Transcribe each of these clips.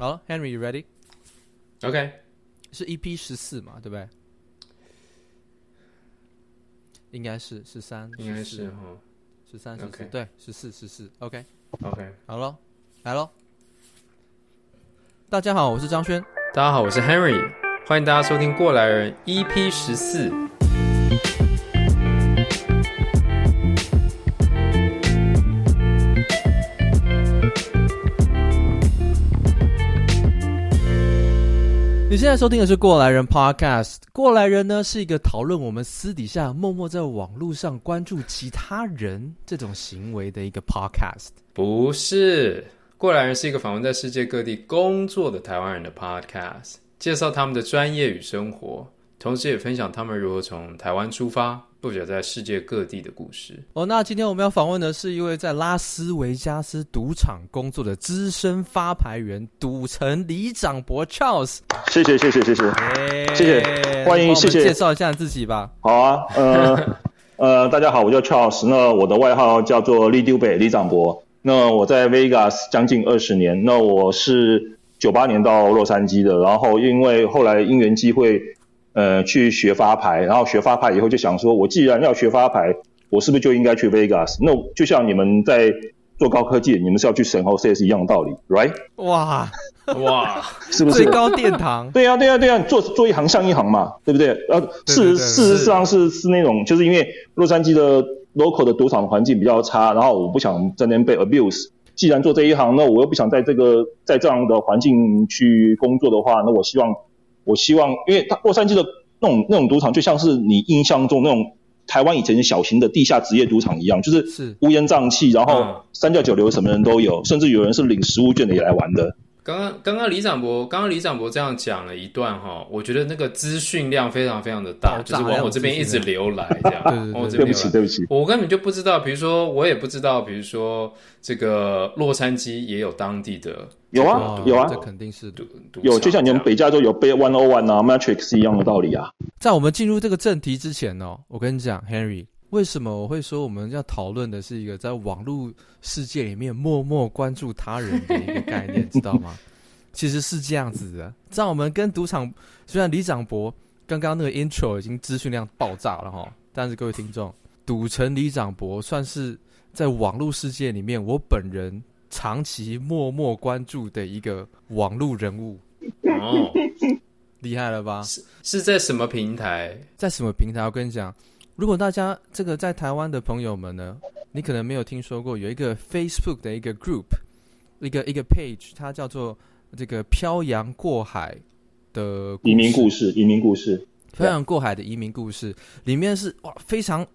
好了，Henry，了 you ready？OK，Okay. 是 EP 十四嘛，對不對？應該是十三，13, 14, 應該是、哦、十三十四，對，十四十四，OK，OK，好了，來嘍！大家好，我是張軒；大家好，我是 Henry。歡迎大家收聽《過來人》EP 十四。你現在收聽的是《過來人》Podcast，《過來人》呢是一個討論我們私底下默默在網絡上關注其他人這種行為的一個 Podcast。不是，《過來人》是一個訪問在世界各地工作的台灣人的 Podcast，介紹他們的專業與生活，同時也分享他們如何從台灣出發。不止在世界各地的故事哦。Oh, 那今天我們要訪問的是一位在拉斯維加斯賭場工作的資深發牌員，賭城里長伯 Charles。謝謝謝謝謝謝，謝謝歡迎、欸、謝謝。迎介紹一下謝謝自己吧。好啊，呃 呃，大家好，我叫 Charles，那我的外號叫做李丟北里長伯。那我在 Vegas 將近二十年，那我是九八年到洛杉磯的，然後因為後來因緣際會。呃，去學發牌，然後學發牌以後就想說，我既然要學發牌，我是不是就應該去 Vegas？那、no, 就像你們在做高科技，你們是要去審核這 s 是一樣的道理，right？哇哇， 哇是不是最高殿堂？ 對呀、啊、對呀、啊、對呀、啊啊，做做一行像一行嘛，對不對？呃、啊，事實是事實上是是那種，就是因為洛杉磯的 local 的賭場的環境比較差，然後我不想在那邊被 abuse。既然做這一行，那我又不想在這個在這樣的環境去工作的話，那我希望。我希望，因為他洛杉磯的那種那種賭場，就像是你印象中那種台灣以前小型的地下職業賭場一樣，就是是烏煙瘴氣，然後三教九流什麼人都有，甚至有人是領食物券的也來玩的。剛剛剛剛里長伯，剛剛里長伯這樣講了一段哈，我覺得那個資訊量非常非常的大，就是往我這邊一直流來這樣。對不起，對不起，我根本就不知道，比如說我也不知道，比如說這個洛杉磯也有當地的。有啊有啊，這肯定是有，就像你們北加州有 Bay 101啊，Matrix 一樣的道理啊。在我們進入這個正題之前哦，我跟你講，Henry。為什麼我會說我們要討論的是一個在網絡世界裡面默默關注他人的一個概念，知道嗎？ 其實是這樣子的，在我們跟賭場，雖然里長伯剛剛那個 intro 已經資訊量爆炸了哈，但是各位聽眾，賭城里長伯算是在網絡世界裡面我本人長期默默關注的一個網絡人物，哦，厲害了吧？是，是在什麼平台？在什麼平台？我跟你講。如果大家這個在台灣的朋友們呢，你可能沒有聽說過有一個 Facebook 的一個 group，一個一個 page，它叫做這個漂洋過海的移民故事，移民故事，漂洋過海的移民故事 Yeah. 裡面是哇非常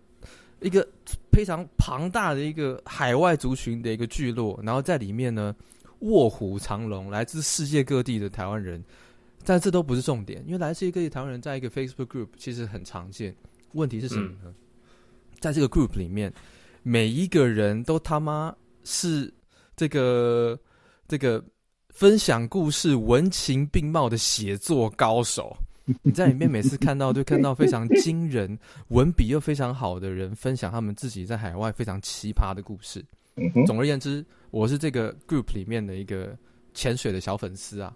一個非常龐大的一個海外族群的一個聚落，然後在裡面呢臥虎藏龍，來自世界各地的台灣人，但這都不是重點，因為來自於各地台灣人在一個 Facebook group 其實很常見。問題是什麼呢？嗯、在這個 group 裡面，每一個人都他媽是這個這個分享故事文情並茂的寫作高手。你在裡面每次看到，都看到非常驚人、 文筆又非常好的人分享他們自己在海外非常奇葩的故事。嗯、哼總而言之，我是這個 group 裡面的一個潛水的小粉絲啊。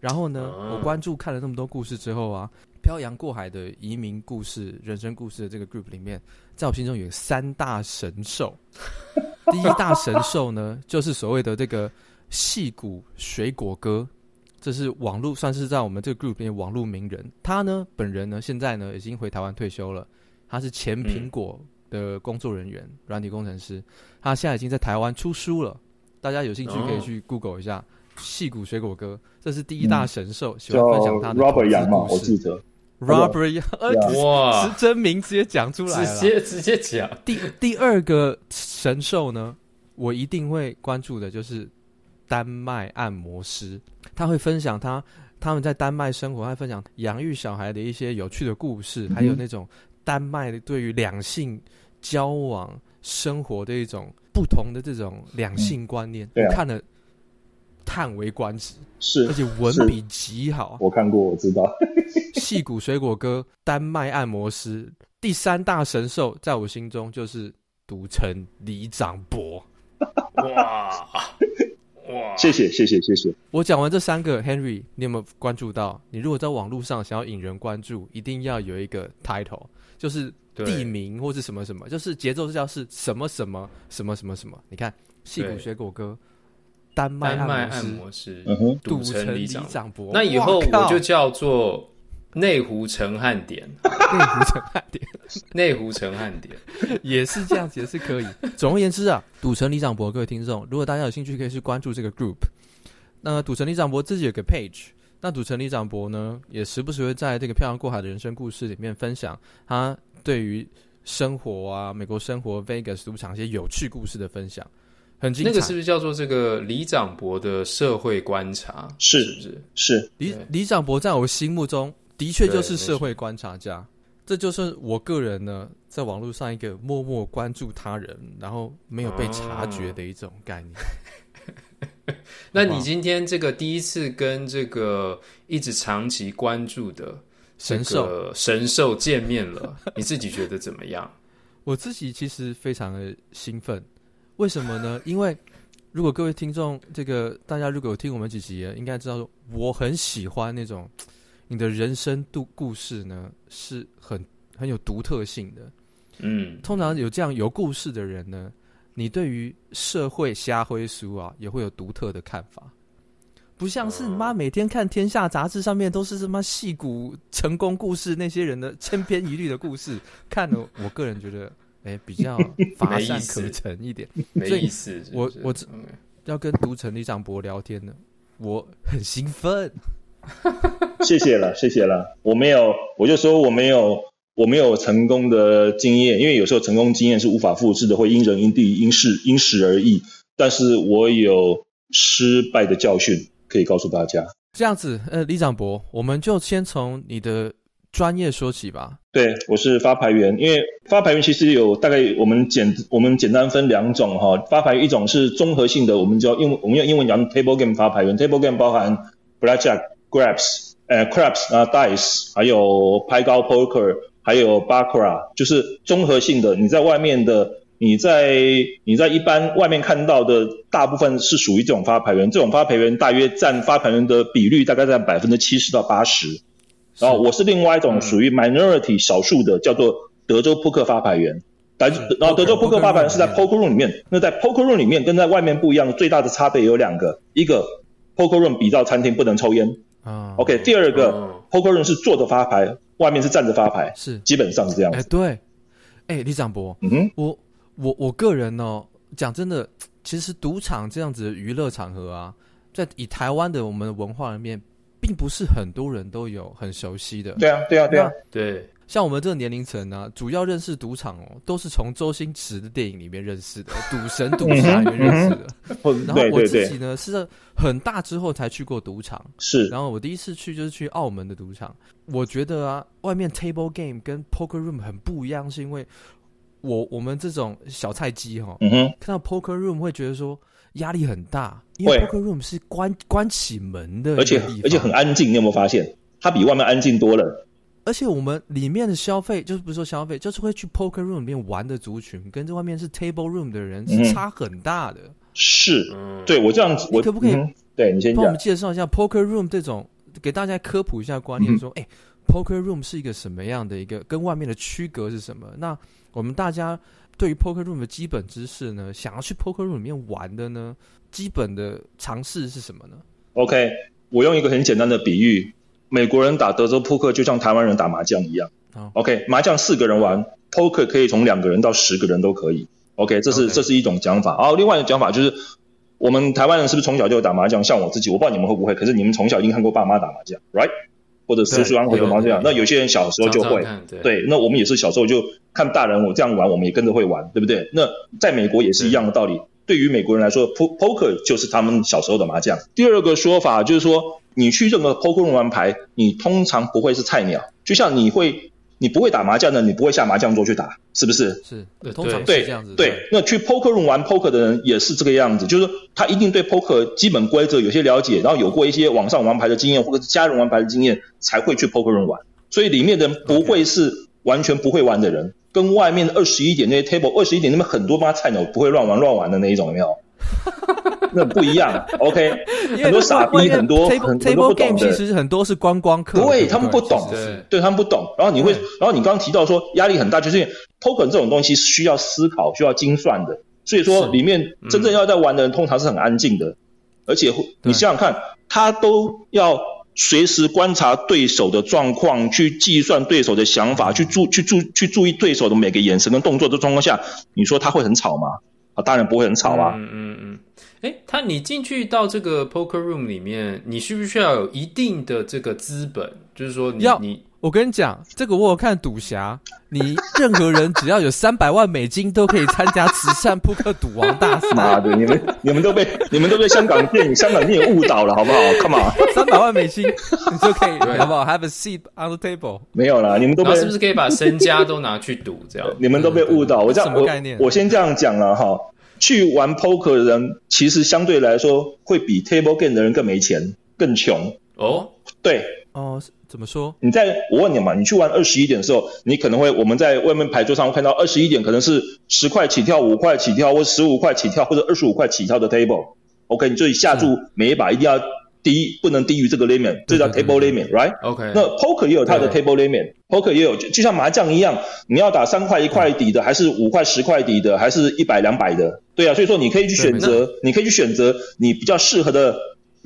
然後呢，我關注看了那麼多故事之後啊。漂洋過海的移民故事、人生故事的這個 group 裡面，在我心中有三大神獸。第一大神獸呢， 就是所謂的這個矽谷水果哥，這是網絡算是在我們這個 group 裡面網絡名人。他呢，本人呢，現在呢，已經回台灣退休了。他是前蘋果的工作人員，嗯、軟體工程師。他現在已經在台灣出書了。大家有興趣可以去 Google 一下矽谷、哦、水果哥，這是第一大神獸，嗯、喜歡分享他的羊毛我記得 Robbery 哇！真名直接講出來直接直接講。第第二個神獸呢，我一定會關注的，就是丹麥按摩師，他會分享他他們在丹麥生活，還分享養育小孩的一些有趣的故事，嗯、哼還有那種丹麥對於兩性交往生活的一種不同的這種兩性觀念，嗯、對、啊，看了嘆為觀止，是而且文筆極好，我看過，我知道。 戲 骨水果哥、丹麥按摩師、第三大神獸，在我心中就是賭城里長伯。 哇哇謝謝！謝謝謝謝謝謝！我講完這三個 Henry，你有沒有關注到？你如果在網絡上想要引人關注，一定要有一個 title，就是地名或是什麼什麼，對就是節奏是叫是什麼什麼什麼什麼什麼。你看，戲骨水果哥、丹麥按摩師、賭城里長伯。那以後我就叫做。 內湖陳漢典，內 湖陳漢典，內湖陳漢典也是這樣子，也是可以。總而言之啊，賭城里長伯各位聽眾，如果大家有興趣，可以去關注這個 group。那賭城里長伯自己有個 page，那賭城里長伯呢，也時不時會在這個《漂洋過海的人生故事》裡面分享他對於生活啊、美國生活、Vegas 賭場一些有趣故事的分享，很精彩。那個是不是叫做這個里長伯的社會觀察？是是是，里里長伯在我心目中。的確就是社會觀察家，這就是我個人呢在網絡上一個默默關注他人，然後沒有被察覺的一種概念。哦、 那你今天這個第一次跟這個一直長期關注的神獸神獸獸 見面了，你自己覺得怎麼樣？ 我自己其實非常的興奮，為什麼呢？因為如果各位聽眾這個大家如果有聽我們幾集，應該知道，說我很喜歡那種。你的人生故事呢，是很很有獨特性的。嗯，通常有這樣有故事的人呢，你對於社會瞎灰書啊，也會有獨特的看法。不像是你媽每天看《天下》雜誌上面都是什麼戲骨成功故事，那些人的千篇一律的故事， 看了我個人覺得，哎、欸，比較乏善可陳一點。沒意思。我我這 Okay. 要跟賭城里長伯聊天呢，我很興奮。 謝謝了，謝謝了。我沒有，我就說我沒有，我沒有成功的經驗，因為有時候成功經驗是無法複製的，會因人因地因事因時而異。但是我有失敗的教訓可以告訴大家。這樣子。呃，里長伯，我們就先從你的專業說起吧。對，我是發牌員，因為發牌員其實有大概我們簡我們簡單分兩種哈、哦，發牌一種是綜合性的，我們叫用我們用英文講 table game 發牌員 ，table game 包含 blackjack。Craps 呃 Craps 呃 Dice，還有拍高 Poker，還有 Baccarat，就是綜合性的。你在外面的，你在你在一般外面看到的大部分是屬於這種發牌員，這種發牌員大約佔發牌員的比率，大概佔百分之七十到八十。的然後我是另外一種屬於 minority 少數的，嗯、叫做德州撲克發牌員。嗯、但然後德州撲克發牌員是在 Poker Room 裡面。嗯、那在 Poker Room 裡面跟在外面不一樣，最大的差別有兩個：一個 Poker Room 比照餐廳不能抽煙。o Okay , k、哦、第二個，Poker room、哦、是，是坐着發牌，外面是站着發牌，是基本上是這樣子。哎、欸，對，哎、欸，里長伯，嗯哼我，我我我個人呢、哦，講真的，其實賭場這樣子的娛樂場合啊，在以台灣的我們的文化裡面，並不是很多人都有很熟悉的。對啊，對啊，對啊，對。像我們這個年齡層呢，主要認識賭場哦，都是從周星馳的電影裡面認識的，賭神、賭俠裡面認識的。 然後我自己呢，是在 對很大之後才去過賭場。是。然後我第一次去就是去澳門的賭場。我覺得啊，外面 table game 跟 poker room 很不一樣，是因為我我們這種小菜雞哈、哦，嗯、哼看到 poker room 會覺得說壓力很大，因為 poker room 是關會關起門的，而且而且很安靜。你有沒有發現，它比外面安靜多了？而且我們裡面的消費就是不說消費，就是會去 poker room 裡面玩的族群，跟這外面是 table room 的人是差很大的。嗯嗯、是，對我這樣子，我可不可以、嗯、對你先幫我們介紹一下 poker room 這種，給大家科普一下觀念，說，哎、嗯、，poker room 是一個什麼樣的一個，跟外面的區隔是什麼？那我們大家對於 poker room 的基本知識呢，想要去 poker room 裡面玩的呢，基本的嘗試是什麼呢？OK，我用一個很簡單的比喻。美國人打德州撲克就像台灣人打麻將一樣、哦、，OK。麻將四個人玩，poker 可以從兩個人到十個人都可以，OK。這是 okay. 這是一種講法。然、哦、另外一種講法就是，我們台灣人是不是從小就有打麻將？像我自己，我不知道你們會不會，可是你們從小一定看過爸媽打麻將，right？或者叔叔阿姨的麻將。對那有些人小時候就會，對，對。那我們也是小時候就看大人我這樣玩，我們也跟着會玩，對不對？那在美國也是一樣的道理。對於美國人來說，p poker 就是他們小時候的麻將。第二個說法就是說，你去任何 poker room 玩牌，你通常不會是菜鳥。就像你會，你不會打麻將的，你不會下麻將桌去打，是不是？是，對，通常是這樣子。對，那去 poker room 玩，對玩 poker 的人也是這個樣子，就是他一定對 poker 基本規則有些了解，然後有過一些網上玩牌的經驗，或者是家人玩牌的經驗，才會去 poker room 玩。所以裡面的人不會是完全不會玩的人。Okay. 跟外面二十一點那些 table 二十一點那邊很多嘛，菜鳥不會亂玩亂玩的那一種有沒有？那不一樣，OK。很多傻逼，很多很多不懂的。其實很多是觀光客，不會，他們不懂，對他們不懂。然後你會，然後你剛剛提到說壓力很大，就是因為 poker 這種東西需要思考，需要精算的。所以說裡面真正要在玩的人，通常是很安靜的。而且你想想看，他都要。隨時觀察對手的狀況，去計算對手的想法，去注去注去注意對手的每個眼神跟動作的狀況下，你說他會很吵嗎？啊，當然不會很吵嗎、嗯？嗯嗯嗯，誒、欸，他你進去到這個 poker room 裡面，你需不需要有一定的這個資本？就是說，要你。要你我跟你講，這個我有看賭俠，你任何人只要有三百萬美金都可以參加慈善撲克賭王大賽。媽的，你們你們都被你們都被香港電影香港電影誤導了，好不好？Come on。三百萬美金你就可以？好不好？Have a seat on the table？沒有啦，你們都被然是不是可以把身家都拿去賭這樣？ 你們都被誤導。我這樣，什麼概念？我我先這樣講了哈。去玩 poker 的人其實相對來說會比 table game 的人更沒錢更窮哦。Oh? 對哦。Oh, 怎麼說？你在我問你嘛，你去玩二十一點的時候，你可能會我們在外面牌桌上看到二十一點可能是十塊起跳，五塊起跳，或者十五塊起跳，或者二十五塊起跳的 table。OK，你這裡下注每一把一定要低，嗯、不能低於這個 limit，這對叫 table limit，right？OK。right? okay, 那 poker 也有它的 table limit，poker 對也有，就像麻將一樣，你要打三塊一塊、嗯、塊，塊底的，還是五塊十塊底的，還是一百兩百的？對啊，所以說你可以去選擇，你可以去選擇你比較適合的。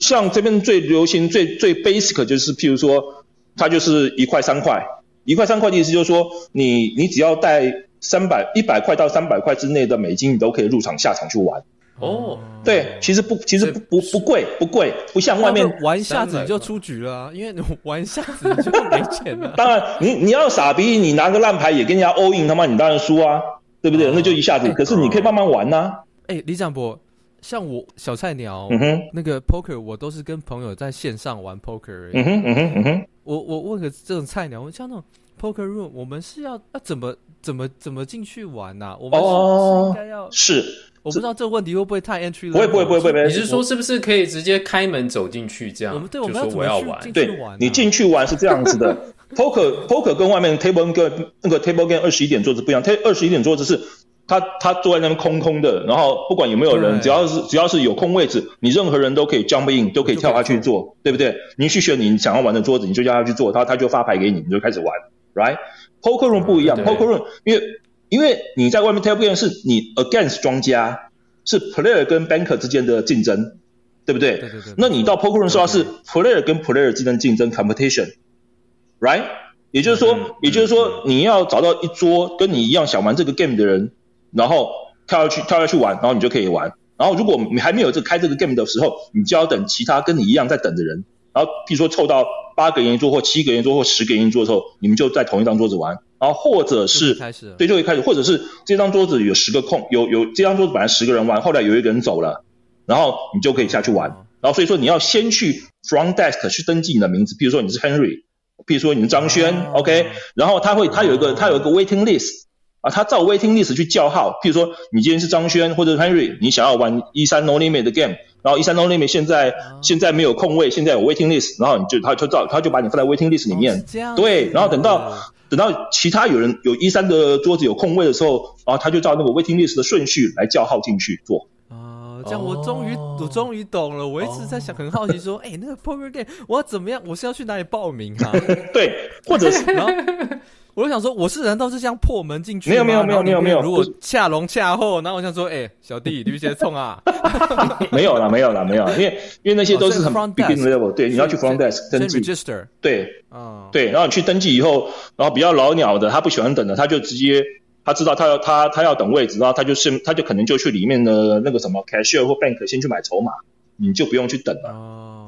像這邊最流行、最最 basic 就是，譬如說，它就是一塊三塊，一塊三塊的意思就是說，你你只要帶三百一百塊到三百塊之內的美金，你都可以入場下場去玩。哦，對，其實不，其實不以不不貴，不貴，不像外面玩一下子你就出局了、啊，因為你玩一下子你就沒錢了、啊。 當然，你你要傻逼，你拿個爛牌也跟人家 all in，他媽，你當然輸啊，對不對？哦、那就一下子，可是你可以慢慢玩呢、啊。哎、欸，里長伯。像我小菜鳥，嗯、哼那個 poker 我都是跟朋友在線上玩 poker。嗯嗯嗯、我我問個這種菜鳥，我像那種 poker room，我們是要要、啊、怎麼怎麼怎麼進去玩呢、啊？我們是、哦、是應該要？是，我不知道這個問題會不會太 entry room，不會。不會不會不會。說你是說是不是可以直接開門走進去這樣？我們對，說我，我們要怎麼去進去玩、啊？對，你進去玩是這樣子的。 poker poker 跟外面 table 跟那個 table game 二十一點桌子不一樣，它二十一點桌子是。他他坐在那邊空空的，然後不管有沒有人，耶只要是只要是有空位置，你任何人都可以 jump in，都可以跳下去坐，對不對？你去選你想要玩的桌子，你就叫他去坐，他他就發牌給你，你就開始玩，right？Poker room 不一樣、啊、Poker room 因為因為你在外面 table game 是你 against 莊家，是 player 跟 banker 之間的競爭，對不對？對對對對對，那你到 Poker room 說，是 player 跟 player 之間競爭 Okay. competition，right？也就是說、嗯、也就是說、嗯、你要找到一桌跟你一樣想玩這個 game 的人。然後跳下去，跳下去玩，然後你就可以玩。然後如果你還沒有這開這個 game 的時候，你就要等其他跟你一樣在等的人。然後比如說湊到八個人一桌或七個人一桌或十個人一桌的時候，你們就在同一張桌子玩。然後或者是對，就會開始，或者是這張桌子有十個空，有有這張桌子本來十個人玩，後來有一個人走了，然後你就可以下去玩。然後所以說你要先去 front desk 去登記你的名字，比如說你是 Henry，比如說你是張軒，OK。然後他會他有一個、嗯、他有一個 waiting list。啊，他照 waiting list 去叫號。譬如說，你今天是張軒或者 Henry，你想要玩一三 no limit 的 game，然後一三 no limit 現在、啊、現在沒有空位，現在有 waiting list，然後你就他他就照他就把你放在 waiting list 裡面。哦、這樣對，然後等到、啊、等到其他有人有一三的桌子有空位的時候，然後他就照那個 waiting list 的順序來叫號進去做。啊，這樣我終於、哦、我終於懂了。我一直在想，哦、很好奇說，哎、 欸，那個 poker game 我要怎麼樣？我是要去哪裡報名啊？ 對，或者是。 然後我就想說，我是人都是這樣破門進去？沒有沒有沒有沒有沒，有沒有如果恰龍恰後，是然後我想說，哎、欸，小弟， 你不先衝啊？ 沒有啦，沒有啦，沒有啦。因為因為那些都是很 big level，、哦、對，你要去 front desk 登記。對，嗯、對，然後你去登記以後，然後比較老鳥的，他不喜歡等的，他就直接，他知道他要他他，他要等位置，然後他就是他就可能就去裡面的那個什麼 cashier 或 bank 先去買籌碼，你就不用去等了。嗯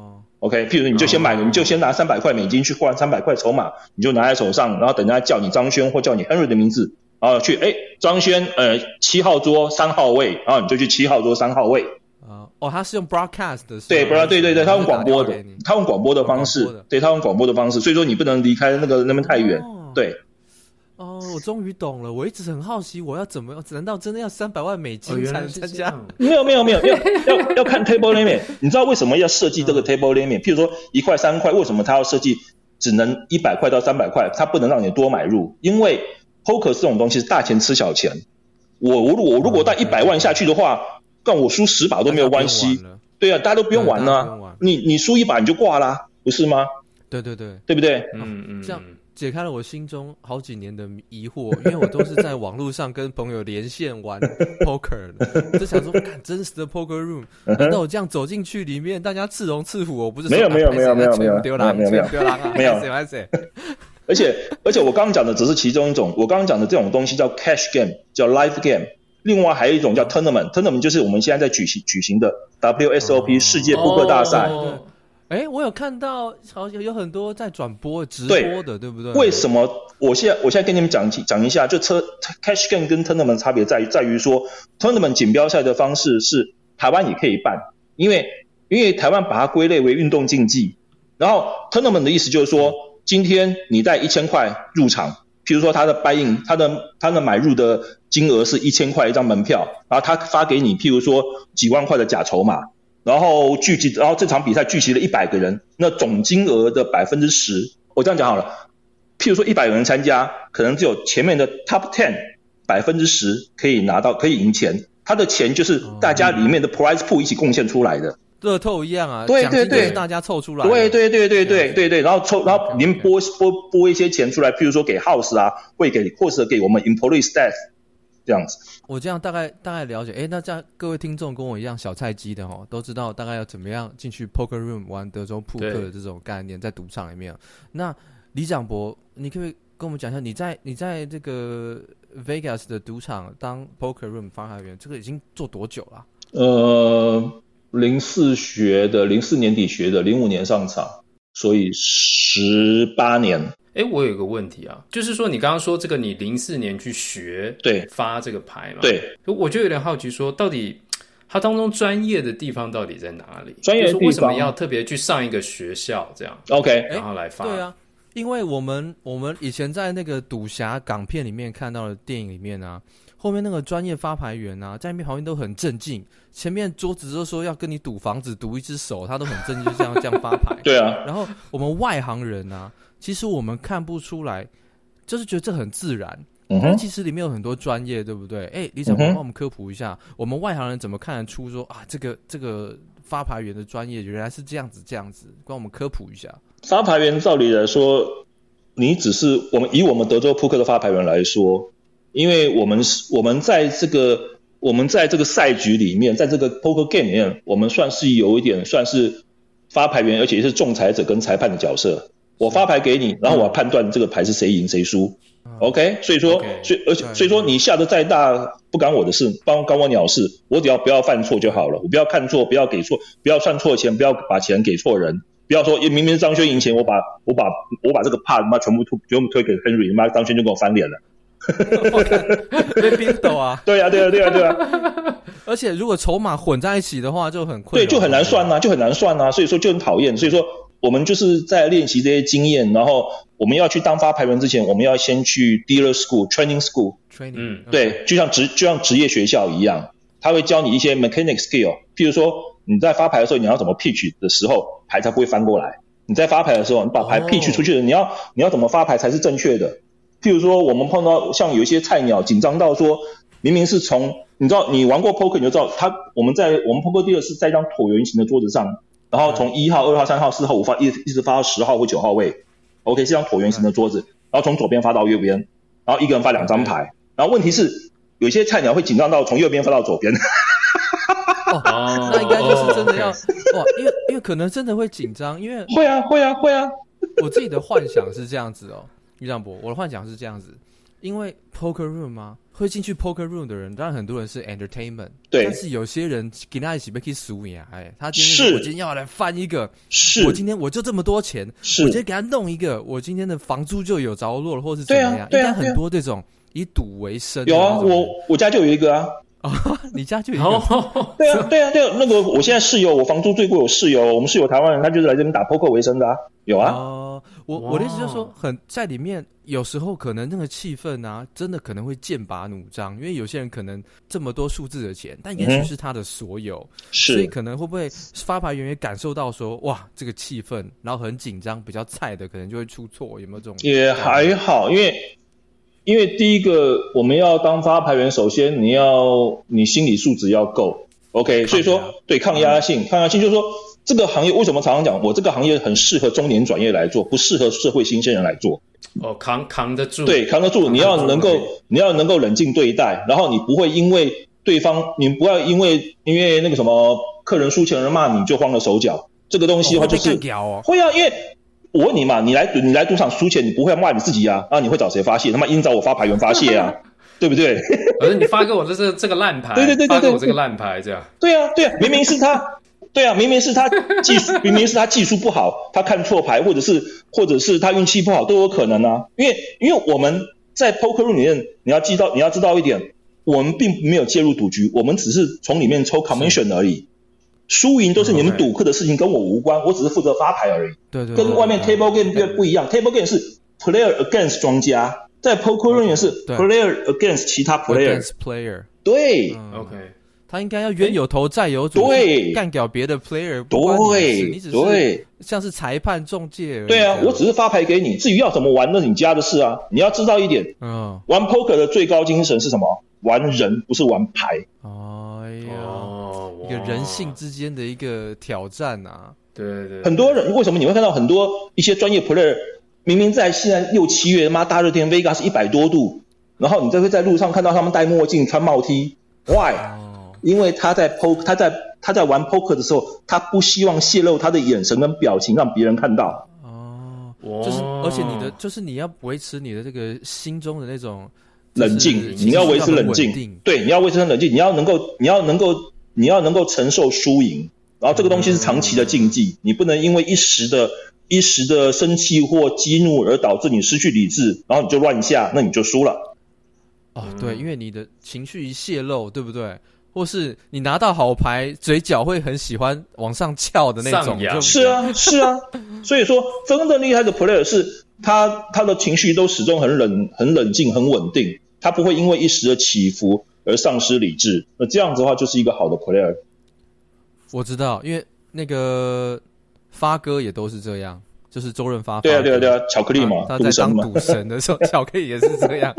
OK，譬如你就先買，嗯、你就先拿三百塊美金去換三百塊籌碼，你就拿在手上，然後等他叫你張軒或叫你 Henry 的名字，然後去，哎、欸，張軒，呃，七號桌三號位，然後你就去七號桌三號位。啊，哦，他是用 broadcast 的、啊，對，bro，對對對，他用廣播的，他,他用廣播的方式，哦、對，他用廣播的方式，所以說你不能離開那個那邊太遠，哦、對。哦，我終於懂了。我一直很好奇，我要怎麼樣？難道真的要三百萬美金才參加？沒有沒有沒有要要要看 table limit。你知道為什麼要設計這個 table limit？譬如說一塊三塊，為什麼它要設計只能一百塊到三百塊？它不能讓你多買入，因為 poker 這種東西是大錢吃小錢。我我我如果帶一百萬下去的話，跟我輸十把都沒有關係，對啊，大家都不用玩了，你你輸一把你就掛啦，不是嗎？對對對，對不對？嗯嗯，這樣。解開了我心中好幾年的疑惑，因為我都是在網絡上跟朋友連線玩 poker，我就想說，幹，真實的 poker room，那我這樣走進去裡面，大家刺龍刺虎，我不是說，沒有沒有沒有沒有沒有沒有沒有，沒有沒有。而且而且我剛講的只是其中一種，我剛講的這種東西叫 cash game，叫 live game，另外還有一種叫 tournament，tournament 就是我們現在在舉行舉行的 WSOP 世界撲克大賽哎、欸，我有看到好像有很多在轉播直播的，對，對不對？為什麼？我現在我現在跟你們講講一下，就車 cash game 跟 tournament 差別在於在於說 tournament 錦標賽的方式是台灣也可以辦，因為因為台灣把它歸類為運動競技。然後 tournament 的意思就是說，嗯、今天你帶一千塊入場，譬如說他的 buy in 他的他的買入的金額是一千塊一張門票，然後他發給你譬如說幾萬塊的假籌碼。然後聚集，然後這場比賽聚集了一百個人，那總金額的百分之十，我這樣講好了。譬如說一百個人參加，可能只有前面的 top ten 百分之十可以拿到，可以贏錢。他的錢就是大家裡面的 prize pool 一起貢獻出來的。樂、嗯嗯、透一樣啊，對對對，大家湊出來。對對對對對對對，然後抽，然後您撥撥撥一些錢出來，譬如說給 house 啊，會給或者給我們 employees。這樣子，我這樣大概大概了解。哎、欸，那這樣，各位聽眾跟我一樣小菜雞的哦，都知道大概要怎麼樣進去 poker room 玩德州撲克的這種概念，在賭場裡面。對那里長伯，你可不可以跟我們講一下，你在你在這個 Vegas 的賭場當 poker room 發牌員，這個已經做多久了啊？呃，零四學的，零四年底學的，零五年上場，所以十八年。哎，我有個問題啊，就是說你剛剛說這個，你零四年去學對發這個牌嘛？對，我就有點好奇，說到底它當中專業的地方到底在哪裡？專業的地方就是為什麼要特別去上一個學校這樣？OK，對然後來發？對啊，因為我們我們以前在那個賭俠港片裡面看到的電影裡面呢、啊。後面那個專業發牌員啊，在那邊旁邊都很鎮靜，前面桌子都說要跟你賭房子，賭一隻手，他都很鎮靜，就這、是、樣這樣發牌。 對啊，然後我們外行人啊，其實我們看不出來，就是覺得這很自然。嗯哼，但其實裡面有很多專業，對不對？哎、嗯哼，里長伯幫我們科普一下，嗯、哼我們外行人怎麼看得出說啊，這個這個發牌員的專業原來是這樣子這樣子，幫我們科普一下。發牌員，照理來說，你只是我們以我們德州撲克的發牌員來說。因為我們是，我們在這個我們在這個賽局裡面，在這個 poker game 裡面，我們算是，有一點算是發牌員，而且是仲裁者跟裁判的角色。我發牌給你，嗯、然後我判斷這個牌是誰贏誰輸。嗯、OK，所以說，嗯、okay, 所以而且所以說你下的再大不關我的事，關關我鳥事。我只要不要犯錯就好了，我不要看錯，不要給錯，不要算錯的錢，不要把錢給錯人，不要說也明明是張軒贏錢，我把我把我把，我把這個 pot 媽全部推全部推給 Henry，媽張軒就跟我翻臉了。哈哈， 被顛倒啊，啊！對啊對啊對啊對啊、啊。 而且如果籌碼混在一起的話，就很困難，對，就很難算吶、啊，啊、就很難算吶、啊，所以說就很討厭。所以說，我們就是在練習這些經驗，然後我們要去當發牌員之前，我們要先去 dealer school training school training，、嗯、Okay. 對，就像職就像職業學校一樣，他會教你一些 mechanic skill，譬如說你在發牌的時候，你要怎麼 pitch 的時候，牌才不會翻過來；你在發牌的時候，你把牌 pitch 出去了，oh. 你要你要怎麼發牌才是正確的？譬如說，我們碰到像有一些菜鳥緊張到說，明明是從你知道你玩過 poker 你就知道，它我們在我們 poker 第二是，在一張橢圓形的桌子上，然後從一號、二號、三號、四號、五號一一直發到十號或九號位，OK，是張橢圓形的桌子，然後從左邊發到右邊，然後一個人發兩張牌，然後問題是，有些菜鳥會緊張到從右邊發到左邊，哦，哈哈哈哈哈。哈哈那應該就是真的要，哦 okay. 因為因為可能真的會緊張，因為會啊會啊會啊，我自己的幻想是這樣子哦。於章博，我的幻想是這樣子，因為 poker room 嘛、啊？會進去 poker room 的人，當然很多人是 entertainment，對但是有些人跟他一起被氣死烏呀。哎、啊欸，他今天、那個，是我今天要來翻一個，是我今天我就這麼多錢，是我直接給他弄一個，我今天的房租就有着落了，或是怎麼樣？一啊，對啊對啊，很多這種以賭為生。有啊，我我家就有一個啊，oh, 你家就有一個、啊？ 對啊，對啊，對啊，那個我現在室友，我房租最貴，我室友，我們室友台灣人，他就是來這邊打 poker 為生的、啊，有啊。Uh, 我我的意思就是說很，很在裡面，有時候可能那個氣氛啊，真的可能會劍拔弩張，因為有些人可能這麼多數字的錢，但也許是他的所有，嗯、是，所以可能會不會發牌員也感受到說，哇，這個氣氛，然後很緊張，比較菜的可能就會出錯，有沒有這種？也還好，因為因為第一個我們要當發牌員，首先你要你心理素質要夠，OK，抗壓，所以說對抗壓性，嗯、抗壓性就是說。這個行業為什麼常常講，我這個行業很適合中年轉業來做，不適合社會新鮮人來做？哦，扛扛得住。對，扛得住。你要，得住，你要能夠，你要能夠冷靜對待，然後你不會因為對方，你不要因為因為那個什麼客人輸錢而罵，你就慌了手腳。啊、這個東西的話就是，哦會，哦、會啊，因為，我問你嘛，你來你來賭場輸錢，你不會要罵你自己啊啊，你會找誰發泄？他媽應該找我發牌員發泄啊， 對不對？可是你發給我這這這個爛牌， 對、對、對、對對對，發給我這個爛牌這樣。對啊，對啊，明明是他。 對啊，明明是他技術，明明是他技術不好，他看錯牌，或者是或者是他運氣不好，都有可能啊。因為因為我們在 poker room 裡面，你要記到，你要知道一點，我們並沒有介入賭局，我們只是從裡面抽 commission 而已。是輸贏都是你們賭客的事情，跟我無關，oh, right. 我只是負責發牌而已。對對,對,對,對,對,對,對對。跟外面 table game 不一樣 Okay.，table game 是 player against 莊家，在 poker room 也是 player、oh, okay. against 其他 player。對。Oh, OK。他應該要冤有頭債有主，幹掉別的 player，對，你只是像是裁判中介而已，對啊，我只是發牌給你，至於要怎麼玩，那是你家的事啊。你要知道一點，嗯，玩 poker 的最高精神是什麼？玩人不是玩牌，哦，一個人性之間的一個挑戰啊。對對，很多人為什麼你會看到很多一些專業 player 明明在現在六七月嘛大熱天，Vegas 是一百多度，然後你就會在路上看到他們戴墨鏡穿帽 T，why？因為他在 poker，他在他在玩 poker 的時候，他不希望洩露他的眼神跟表情讓別人看到。哦，就是，而且你的就是你要維持你的這個心中的那種、就是、冷靜，你要維持冷靜，對，你要維持冷靜你，你要能夠，你要能夠，你要能夠承受輸贏。然後這個東西是長期的競技，嗯、你不能因為一時的、一時的生氣或激怒而導致你失去理智，然後你就亂下，那你就輸了。嗯、哦，對，因為你的情緒一洩露，對不對？或是你拿到好牌，嘴角會很喜歡往上翹的那種，癢比是啊，是啊。 所以說，真的厲害的 player 是，他他的情緒都始終很冷、很冷靜、很穩定，他不會因為一時的起伏而喪失理智。那這樣子的話，就是一個好的 player。我知道，因為那個發哥也都是這樣，就是周潤發，發。對啊對啊對啊，巧克力嘛，他，賭神嘛，他在當賭神的時候， 巧克力也是這樣。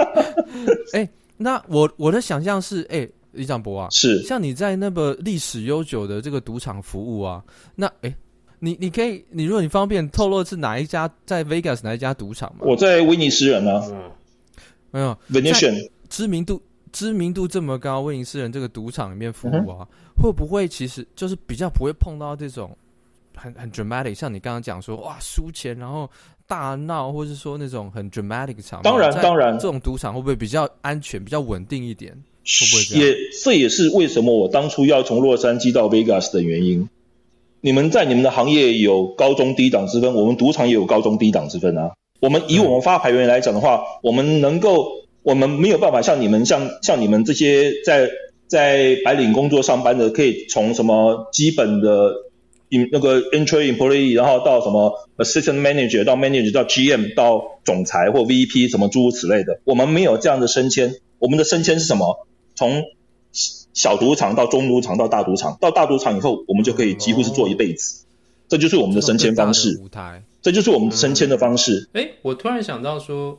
哎、 欸，那我我的想象是，哎、欸。里長伯啊，是像你在那個歷史悠久的這個賭場服務啊，那誒、欸，你你可以，你如果你方便透露是哪一家在 Vegas 哪一家賭場嗎？我在威尼斯人啊。嗯。沒有。Venetian 知名度知名度這麼高，威尼斯人這個賭場裡面服務啊，嗯、哼會不會其實就是比較不會碰到這種很很 dramatic，像你剛剛講說哇輸錢然後大鬧，或是說那種很 dramatic 場，當然當然，這種賭場會不會比較安全，比較穩定一點？不也，這也是為什麼我當初要從洛杉磯到 Vegas 的原因。你們在你們的行業有高中低檔之分，我們賭場也有高中低檔之分啊。我們以我們發牌員來講的話，嗯、我們能夠，我們沒有辦法像你們，像像你們這些在在白領工作上班的，可以從什麼基本的 in 那個 entry employee，然後到什麼 assistant manager，到 manager，到 GM，到總裁或 VP 什麼諸如此類的。我們沒有這樣的升遷，我們的升遷是什麼？從小賭場到中賭場到大賭場，到大賭場以後，我們就可以幾乎是做一輩子，嗯哦、這就是我們的升遷方式。舞台，這就是我們升遷的方式。哎、嗯，我突然想到說，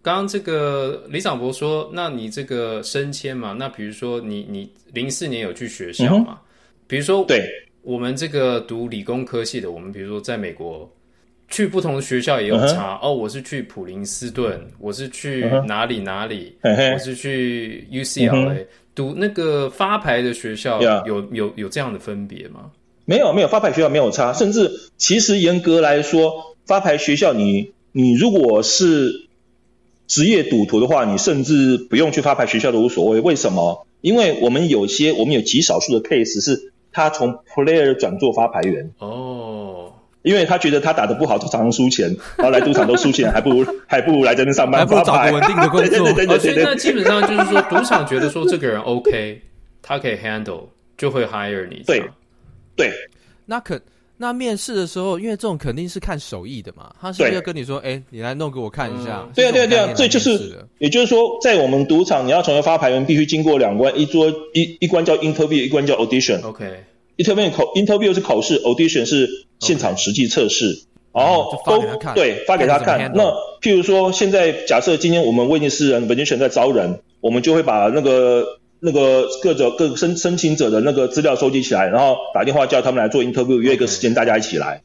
剛剛這個里長伯說，那你這個升遷嘛？那比如說你你零四年有去學校嘛？嗯、哼比如說，對我們這個讀理工科系的，對我們比如說在美國。去不同的學校也有差，uh huh. 哦。我是去普林斯頓，我是去哪裡哪裡？Uh huh. uh huh. 我是去 UCLA 讀那個發牌的學校有，Yeah. 有有有這樣的分別嗎？沒有沒有，發牌學校沒有差。甚至其實嚴格來說，發牌學校你你如果是職業賭徒的話，你甚至不用去發牌學校都無所謂。為什麼？因為我們有些我們有極少數的 case 是，他從 player 轉做發牌員哦。Oh. 因為他覺得他打得不好，常常輸錢，然後來賭場都輸錢， 還不如還不如來這邊上班發牌，還不找個穩定的工作。 對對對對對，對、哦。那基本上就是說，賭場覺得說這個人 OK， 他可以 handle，就會 hire 你，對。對對，那肯那面試的時候，因為這種肯定是看手藝的嘛，他是不是要跟你說，哎對、欸，你來弄給我看一下？對啊、嗯、對啊對啊，這就是也就是說，在我們賭場，你要成為發牌員，人必須經過兩關，一桌一一關叫 interview，一關叫 audition。OK，interview Okay .考 interview 是考試，audition 是。現場實際測試，然後發給他看。對，發給他看。那譬如說，現在假設今天我們威尼斯人本杰選在招人，我們就會把那個那個各種各申申請者的那個資料收集起來，然後打電話叫他們來做 interview，約一個時間大家一起來，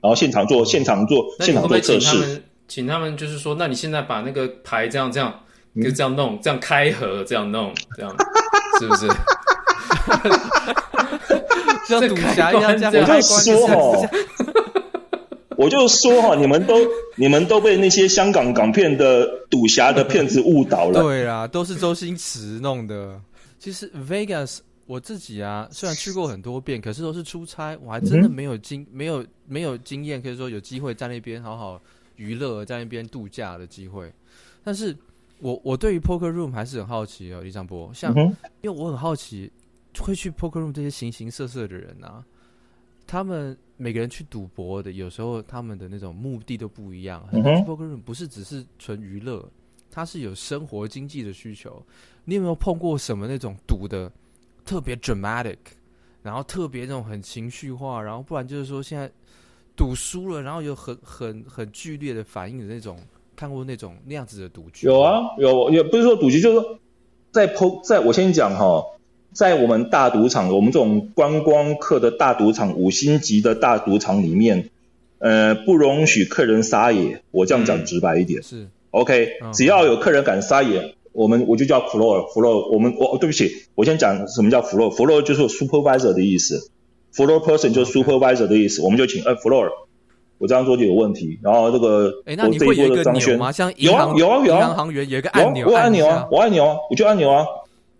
然後現場做現場做現場做測試。請他們，就是說，那你現在把那個牌這樣這樣，你就這樣弄，這樣開合，這樣弄，這樣是不是？像賭俠，我就說哈， 我就說哈，你們都你們都被那些香港港片的賭俠的騙子誤導了。 對啊，都是周星馳弄的。其實 Vegas 我自己啊，雖然去過很多遍，可是都是出差，我還真的沒有經沒有沒有經驗，可以說有機會在那邊好好娛樂，在那邊度假的機會。但是，我我對於 poker room 還是很好奇啊，里長伯，像因為我很好奇。會去 poker room 這些形形色色的人啊，他們每個人去賭博的，有時候他們的那種目的都不一樣。嗯哼，很多人去 poker room 不是只是純娛樂，它是有生活經濟的需求。你有沒有碰過什麼那種賭的特別 dramatic，然後特別那種很情緒化，然後不然就是說現在賭輸了，然後有很很很劇烈的反應的那種？看過那種那樣子的賭局？有啊，有也不是說賭局，就是說在 poker，在我先講哈。在我們大賭場，我們這種觀光客的大賭場，五星級的大賭場裡面，呃，不容許客人撒野。我這樣講直白一點。嗯、是，OK、嗯。只要有客人敢撒野，我們我就叫 floor floor。我們我對不起，我先講什麼叫 floor floor，就是 supervisor 的意思，floor person 就是 supervisor 的意思，意思嗯、我們就請呃 floor。欸、floor, 我這張桌子有問題。然後這個,、欸、你個我這一波的裝宣有啊，有啊，有啊。我按鈕啊，我按鈕啊,啊,啊,啊，我就按鈕啊。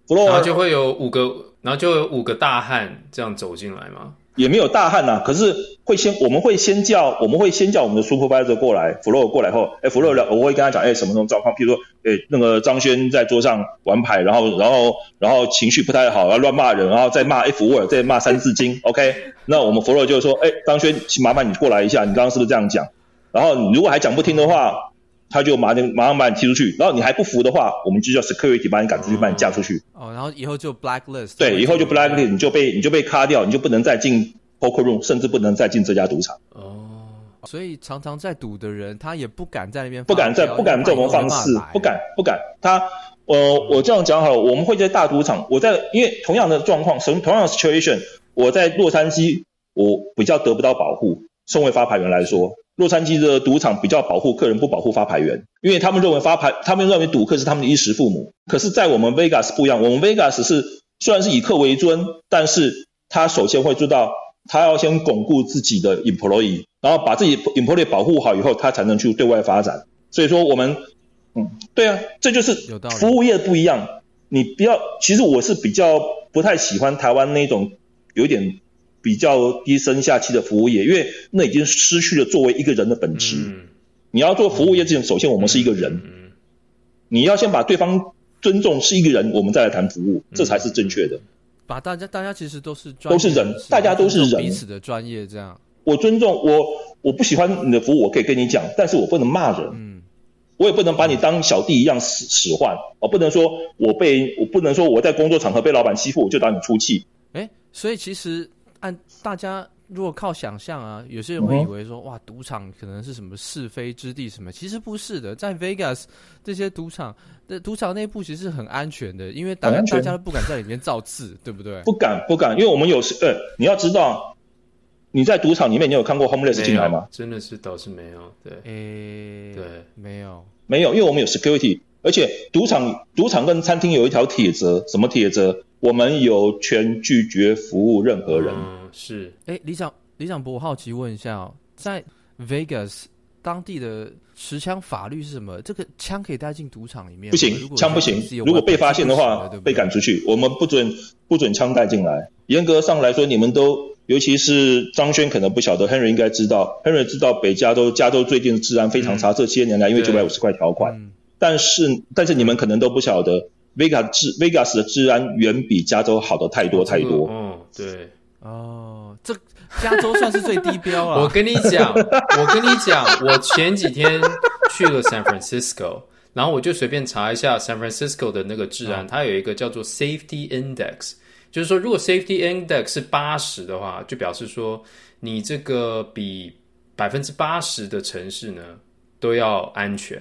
Floor, 然後就會有五個，然後就有五個大漢這樣走進來嗎？也沒有大漢吶、啊，可是會先，我們會先叫，我們會先叫我們的 supervisor 過來，Floor 過來後，哎，Floor，我會跟他講，哎，什麼什麼狀況？譬如說，哎，那個張軒在桌上玩牌，然後，然後，然後情緒不太好，要亂罵人，然後再罵 F word，再罵三字經，OK？那我們 Floor 就說，哎，張軒麻煩你過來一下，你剛剛是不是這樣講？然後你如果還講不聽的話。他就馬上馬上把你踢出去，然後你還不服的話，我們就叫 security 把你趕出去，嗯、把你架出去。哦，然後以後就 blacklist。對，以後就 blacklist，你就被你就被卡掉，你就不能再進 poker room，甚至不能再進這家賭場。哦，所以常常在賭的人，他也不敢在那邊發，不敢在不敢在我們放肆，不敢不敢。他呃，嗯、我這樣講好了，我們會在大賭場，我在因為同樣的狀況，什麼同樣的 situation，我在洛杉磯，我比較得不到保護，身為發牌員來說。洛杉磯的賭場比較保護客人，不保護發牌員，因為他們認為發牌，他們認為賭客是他們的衣食父母。可是，在我們 Vegas 不一樣，我們 Vegas 是雖然是以客為尊，但是他首先會知道，他要先鞏固自己的 employee，然後把自己 employee 保護好以後，他才能去對外發展。所以說，我們，嗯，對啊，這就是服務業不一樣。你不要，其實我是比較不太喜歡台灣那種有一點，比較低聲下氣的服務業，因為那已經失去了作為一個人的本質。嗯、你要做服務業之前，嗯、首先我們是一個人。嗯嗯嗯、你要先把對方尊重，是一個人，我們再來談服務，嗯、這才是正確的。把大家，大家其實都是專，都是人，大家都是人，彼此的專業這樣。我尊重我，我不喜歡你的服務，我可以跟你講，但是我不能罵人。嗯、我也不能把你當小弟一樣使使喚，哦，我不能說我被，我不能說我在工作場合被老闆欺負，我就打你出氣。哎、欸，所以其實。按大家如果靠想象啊，有些人會以為說、嗯、哇，賭場可能是什麼是非之地什麼，其實不是的，在 Vegas 這些賭場的賭場內部其實很安全的，因為大家大家都不敢在裡面造次， 對不對？不敢不敢，因為我們有呃、欸，你要知道，你在賭場裡面，你有看過 homeless 進來嗎？真的是倒是沒有，對，哎、欸，對，沒有沒有，因為我們有 security，而且賭場賭場跟餐廳有一條鐵則，什麼鐵則？我們有權拒絕服務任何人。嗯、是，哎，里長里長伯，我好奇問一下，在 Vegas 當地的持槍法律是什麼？這個槍可以帶進賭場裡面？不行，槍不行。如果被發現的話，被趕出去。我們不准不准槍帶進來。嚴格上來說，你們都，尤其是張軒可能不曉得，Henry 應該知道。Henry 知道北加州加州最近的治安非常差，嗯、這些年來因為九百五十塊條款。嗯、但是但是你們可能都不曉得。嗯 Vegas，Vegas 的治安遠比加州好得太多太多。嗯、哦這個哦，對，哦，這加州算是最低標了。 我跟你講，我跟你講，我前幾天去了 San Francisco，然後我就隨便查一下 San Francisco 的那個治安，哦、它有一個叫做 Safety Index，就是說如果 Safety Index 是八十的話，就表示說你這個比百分之八十的城市呢都要安全。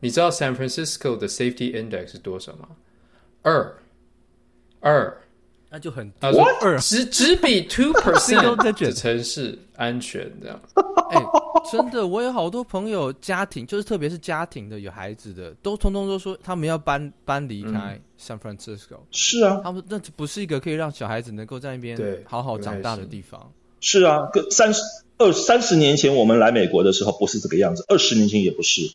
你知道 San Francisco 的 Safety Index 是多少嗎？二二，那就很，他說二只只比 two percent 的城市安全這樣。哎、 欸，真的，我有好多朋友、家庭，就是特別是家庭的、有孩子的，都通通都說他們要搬搬離開、嗯、San Francisco。是啊，他們那不是一個可以讓小孩子能夠在那邊好好長大的地方。是，是啊，跟三十二三十年前我們來美國的時候不是這個樣子，二十年前也不是。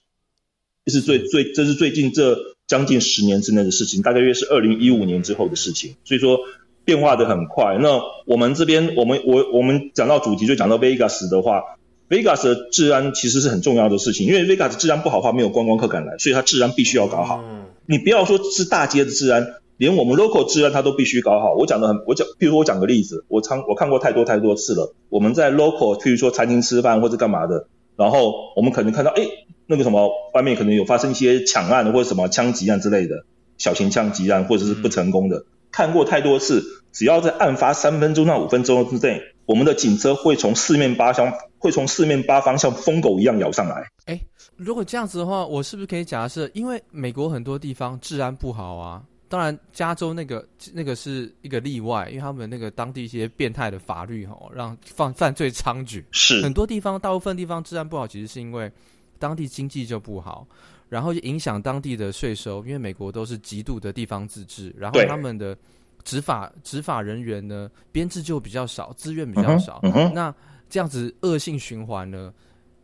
這是最最，這是最近這將近十年之內的事情，大概約是二零一五年之後的事情。所以說變化得很快。那我們這邊，我們我我們講到主題就講到 Vegas 的話，Vegas 的治安其實是很重要的事情，因為 Vegas 治安不好的話，沒有觀光客敢來，所以它治安必須要搞好。嗯，你不要說是大街的治安，連我們 local 治安它都必須搞好。我講的很，我講，比如我講個例子，我常我看過太多太多次了，我們在 local 譬如說餐廳吃飯或者幹嘛的。然後我們可能看到，哎，那個什麼，外面可能有發生一些搶案或者什麼槍擊案之類的，小型槍擊案或者是不成功的。看過太多次，只要在案發三分鐘到五分鐘之內，我們的警車會從四面八方，會從四面八方像瘋狗一樣咬上來。哎，如果這樣子的話，我是不是可以假設，因為美國很多地方治安不好啊？當然，加州那個那個是一個例外，因為他們那個當地一些變態的法律哦，讓犯犯罪猖獗。是很多地方，大部分地方治安不好，其實是因為當地經濟就不好，然後就影響當地的稅收。因為美國都是極度的地方自治，然後他們的執法執對法人員呢，編制就比較少，資源比較少。嗯嗯、那這樣子惡性循環呢，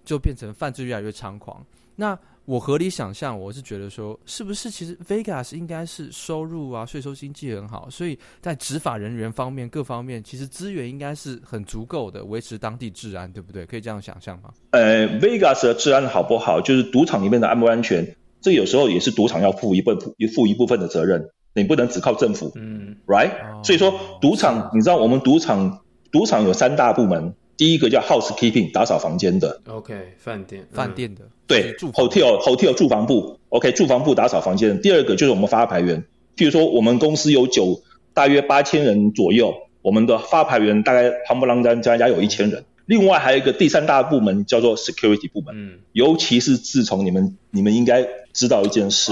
就變成犯罪越來越猖狂。那我合理想象，我是覺得說，是不是其實 Vegas 應該是收入啊、稅收經濟很好，所以在執法人員方面、各方面，其實資源應該是很足夠的，維持當地治安，對不對？可以這樣想象嗎呃？呃，Vegas 的治安好不好，就是賭場裡面的安不安全？這有時候也是賭場要負一部負一部分的責任，你不能只靠政府，嗯，right？哦，所以說，賭場，啊，你知道我們賭場，賭場有三大部門。第一個叫 housekeeping 打掃房間的，OK，飯店飯、嗯、店的，對住，hotel hotel 住房部，OK，住房部打掃房間的。第二個就是我們發牌員，譬如說我們公司有九大約八千人左右，我們的發牌員大概夯不啷當加加有一千人。嗯、另外還有一個第三大部門叫做 security 部門，嗯、尤其是自從你們你們應該知道一件事，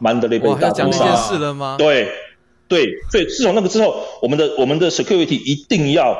曼德勒被打，還講那件事了嗎？對對，所以自從那個之後，我們的我們的 security 一定要。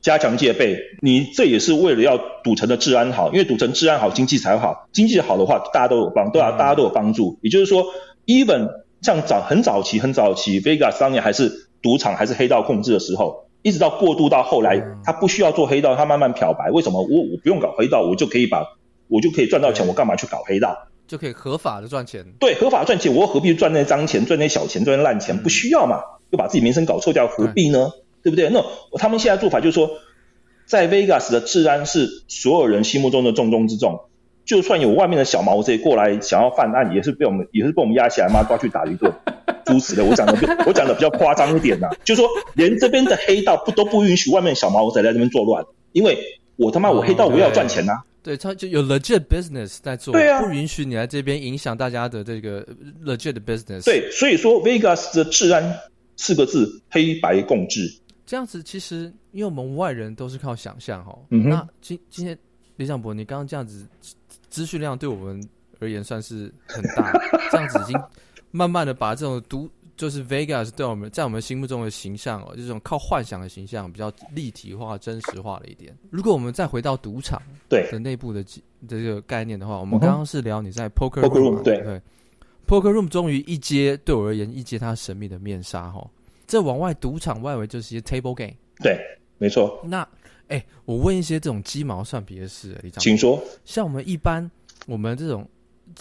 加強戒備，你這也是為了要賭城的治安好，因為賭城治安好，經濟才好。經濟好的話，大家都有幫，對啊，大家都有幫助。嗯、也就是說，even 像早很早期、很早期，Vegas 當年還是賭場還是黑道控制的時候，一直到過渡到後來，嗯、他不需要做黑道，他慢慢漂白。為什麼我我不用搞黑道，我就可以把我就可以賺到錢，嗯、我幹嘛去搞黑道？就可以合法的賺錢。對，合法賺錢，我又何必賺那些髒錢、賺那些小錢、賺那些爛錢？不需要嘛，又把自己名聲搞臭掉，何必呢？嗯對不對？那他們現在做法就是說，在 Vegas 的治安是所有人心目中的重中之重。就算有外面的小毛賊過來想要犯案，也是被我們，也是被我們壓起來媽，媽抓去打了一頓，豬死的。 我講的，我講的比較誇張一點吶、啊， 就說連這邊的黑道不都不允許外面的小毛賊在這邊作亂，因為我他媽、嗯、我黑道我要賺錢吶、啊，對，他就有 legit business 在做，對啊，不允許你來這邊影響大家的這個 legit business。對，所以說 Vegas 的治安四個字，黑白共治。這樣子其實，因為我們外人都是靠想象哈、哦。嗯、哼那今今天里長伯，你剛剛這樣子資訊量對我們而言算是很大， 這樣子已經慢慢的把這種賭，就是 Vegas 對我們在我們心目中的形象，哦，就是，這種靠幻想的形象，比較立體化、真實化了一點。如果我們再回到賭場的內部的這個概念的話，對我們剛剛是聊你在 Poker Room，對對，Poker Room 終於一揭，對我而言一揭它神秘的面紗哈、哦。這往外賭場外圍就是一些 table game，對，沒錯。那哎，我問一些這種雞毛蒜皮的事，你知道嗎，請說。像我們一般，我們這種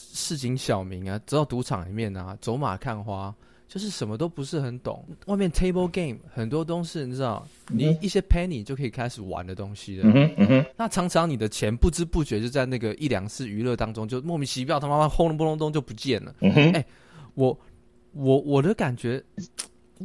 市井小民啊，走到賭場裡面啊，走馬看花，就是什麼都不是很懂。外面 table game 很多東西，你知道，你一些 penny 就可以開始玩的東西的。嗯哼，嗯哼。那常常你的錢不知不覺就在那個一兩次娛樂當中，就莫名其妙，他媽媽轟隆隆隆咚就不見了。嗯哼。哎，我我我的感覺。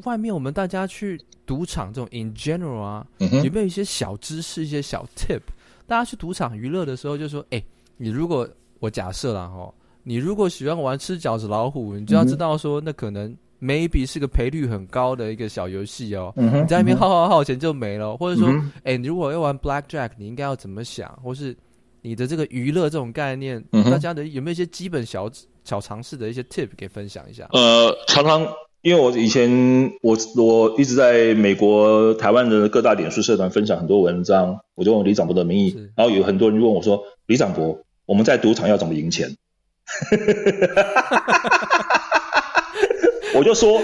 外面我們大家去賭場這種 in general 啊，嗯、哼有沒有一些小知識、一些小 tip？大家去賭場娛樂的時候，就說：哎，你如果我假設啦吼，你如果喜歡玩吃餃子老虎，你就要知道說，嗯、哼那可能 maybe 是個賠率很高的一個小遊戲哦。嗯、哼你在那邊耗耗錢就沒了。或者說，哎、嗯哼，誒你如果要玩 blackjack，你應該要怎麼想？或是你的這個娛樂這種概念，嗯、哼大家的有沒有一些基本小小嘗試的一些 tip 給分享一下？呃，常常。因為我以前我我一直在美國台灣的各大臉書社團分享很多文章，我就用里長伯的名義，是然後有很多人就問我說：“里長伯，我們在賭場要怎麼贏錢？”我就說：“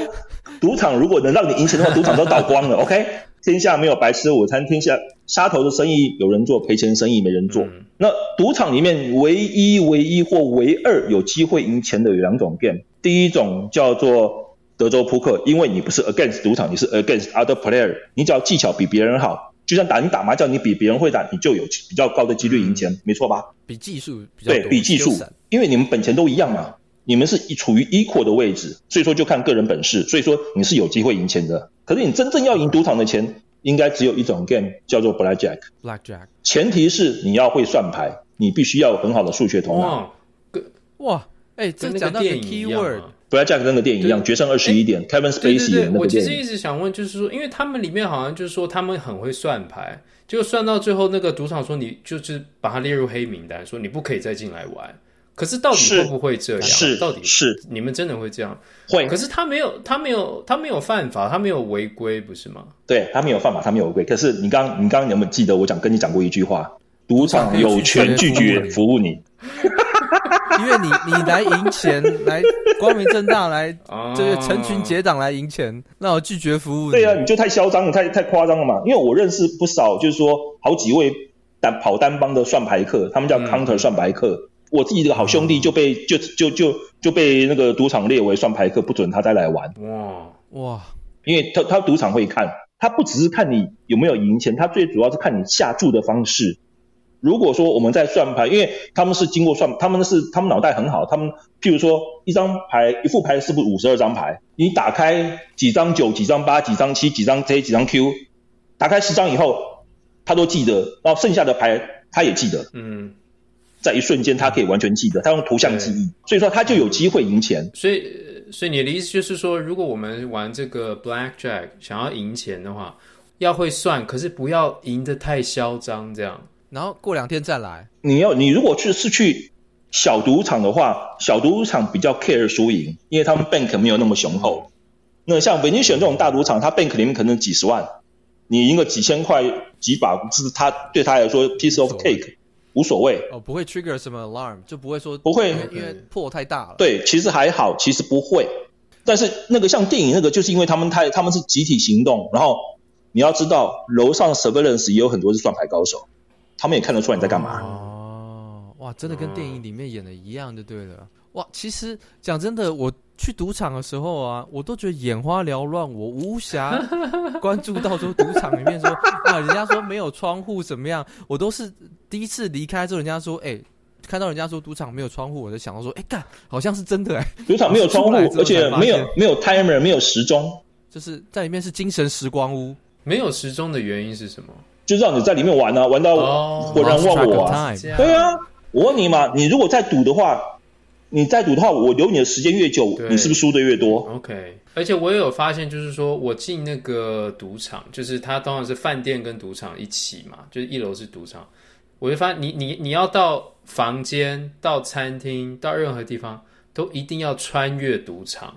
賭場如果能讓你贏錢的話，賭場都倒光了。 ”OK，天下沒有白吃午餐，天下殺頭的生意有人做，賠錢生意沒人做。嗯、那賭場裡面唯一唯一或唯二有機會贏錢的有兩種 game，第一種叫做。德州撲克，因為你不是 against 賭場，你是 against other player，你只要技巧比別人好，就像打你打麻將，你比別人會打，你就有比較高的幾率贏錢，沒錯吧？比技術，比，較對比技術，對比技術，因為你們本錢都一樣嘛，你們是處於 equal 的位置，所以說就看個人本事，所以說你是有機會贏錢的。可是你真正要贏賭場的錢，應該只有一種 game 叫做 blackjack。blackjack，前提是你要會算牌，你必須要有很好的數學頭腦。哇，哇，哎、欸，這個講到 keyword、啊。Blackjack 那個電影一樣，對決勝二十一點、欸、Kevin Spacey 的那個電影對對對。我其實一直想問，就是說，因為他們裡面好像就是說，他們很會算牌，就算到最後那個賭場說你就是把他列入黑名單，說你不可以再進來玩。可是到底會不會這樣？是，到底是你們真的會這樣？會。是，可是他沒有，他沒有，他沒有犯法，他沒有違規，不是嗎？對他沒有犯法，他沒有違規。可是你剛，你剛你有沒有記得我講跟你講過一句話？賭場有權拒絕服務你。 因為你你來贏錢， 來光明正大來，就是成群結黨來贏錢，oh. 那我拒絕服務。對啊，你就太囂張了，你太太誇張了嘛。因為我認識不少，就是說好幾位單跑單幫的算牌客，他們叫 counter、嗯、算牌客。我自己的好兄弟就被、oh. 就就就就被那個賭場列為算牌客，不准他再來玩。哇哇！因為他他賭場會看，他不只是看你有沒有贏錢，他最主要是看你下注的方式。如果說我們在算牌，因為他們是經過算，他們是他們腦袋很好，他們譬如說一張牌，一副牌是不是五十二張牌？你打開幾張九，幾張八，幾張七，幾張 J，幾張 Q，打開十張以後，他都記得，然後剩下的牌他也記得，嗯，在一瞬間他可以完全記得，他用圖像記憶，對所以說他就有機會贏錢。所以，所以你的意思就是說，如果我們玩這個 Black Jack 想要贏錢的話，要會算，可是不要贏得太囂張，這樣。然後過兩天再來。你要你如果去是去小賭場的話，小賭場比較 care 輸贏，因為他們 bank 沒有那麼雄厚。那像 Venetian 這種大賭場，他 bank 裡面可能幾十萬，你贏個幾千塊幾把，就是他對他來說 piece of cake，無所謂。所謂哦，不會 trigger 什麼 alarm，就不會說不會，哎、因為破太大了、嗯。對，其實還好，其實不會。但是那個像電影那個，就是因為他們太他們是集體行動，然後你要知道樓上 surveillance 也有很多是算牌高手。他們也看得出來你在幹嘛、啊、哦，哇，真的跟電影裡面演的一樣就對了、嗯、哇。其實講真的，我去賭場的時候啊，我都覺得眼花繚亂，我無暇關注到說賭場裡面說 啊，人家說沒有窗戶怎麼樣， 我都是第一次離開之後，人家說哎、欸，看到人家說賭場沒有窗戶，我就想到說哎，幹、欸，好像是真的、欸，賭場沒有窗戶，而且沒有沒有 timer，沒有時鐘，就是在裡面是精神時光屋。沒有時鐘的原因是什麼？就讓你在裡面玩啊，Okay. 玩到玩我然問我，oh, 對啊，我問你嘛，你如果在賭的話，樣你在賭的話，我留你的時間越久，對你是不是輸的越多？OK，而且我也有發現，就是說我進那個賭場，就是它當然是飯店跟賭場一起嘛，就是一樓是賭場，我就發現你你你要到房間、到餐廳、到任何地方，都一定要穿越賭場，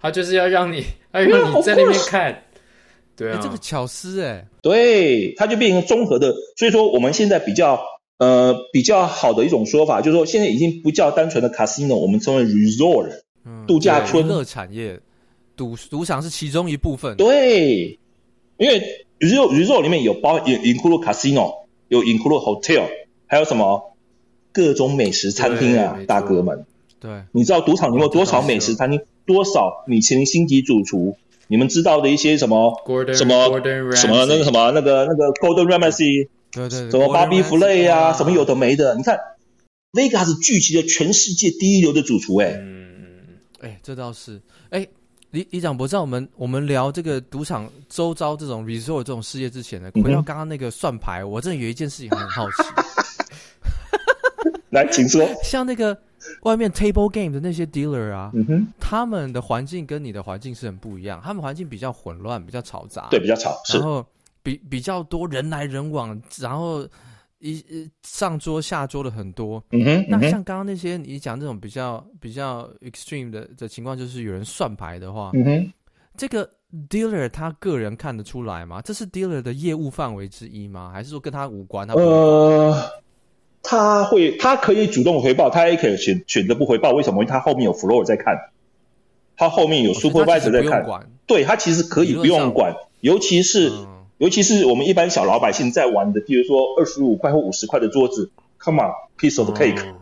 它就是要讓你，要讓你在那邊看。對、啊欸、這個巧思哎、欸，對，它就變成綜合的。所以說，我們現在比較呃比較好的一種說法，就是說，現在已經不叫單純的 casino，我們稱為 resort，嗯、度假村娛樂產業，賭賭場是其中一部分。對，因為 resort resort 裡面有包有 include casino，有 include hotel，還有什麼各種美食餐廳啊，對大哥們。對，你知道賭場裡面有多少美食餐廳，對多，少多少米其林星級主廚？你們知道的一些什麼，Gordon 什麼 Ramsay 什麼，那，什麼那個什麼那個那個 Gordon Ramsay，什麼 Bobby Flay 啊，什麼有的沒的，啊、你看那個還是聚集了全世界第一流的主廚哎，哎、嗯欸，這倒是哎、欸，里里長伯，在我們我們聊這個賭場周遭這種 Resort 這種事業之前呢，回到剛剛那個算牌，嗯嗯，我真的有一件事情很好奇， 來，請說，像那個。外面 table game 的那些 dealer 啊，嗯、哼他們的環境跟你的環境是很不一樣，他們環境比較混亂，比較嘈雜，對，比較吵，是然後比比較多人來人往，然後一上桌下桌的很多。嗯嗯、那像剛剛那些你講這種比較比較 extreme 的的情況，就是有人算牌的話，嗯、哼這個 dealer 他個人看得出來嗎？這是 dealer 的業務範圍之一嗎？還是說跟他無關他不？他、呃他會，他可以主動回報，他也可以選選擇不回報。為什麼？因為他後面有 floor 在看，他後面有 supervisor 在看，okay, 對，他其實可以不用管。尤其是，嗯、尤其是我們一般小老百姓在玩的，比如說二十五塊或五十塊的桌子，Come on piece of cake。嗯、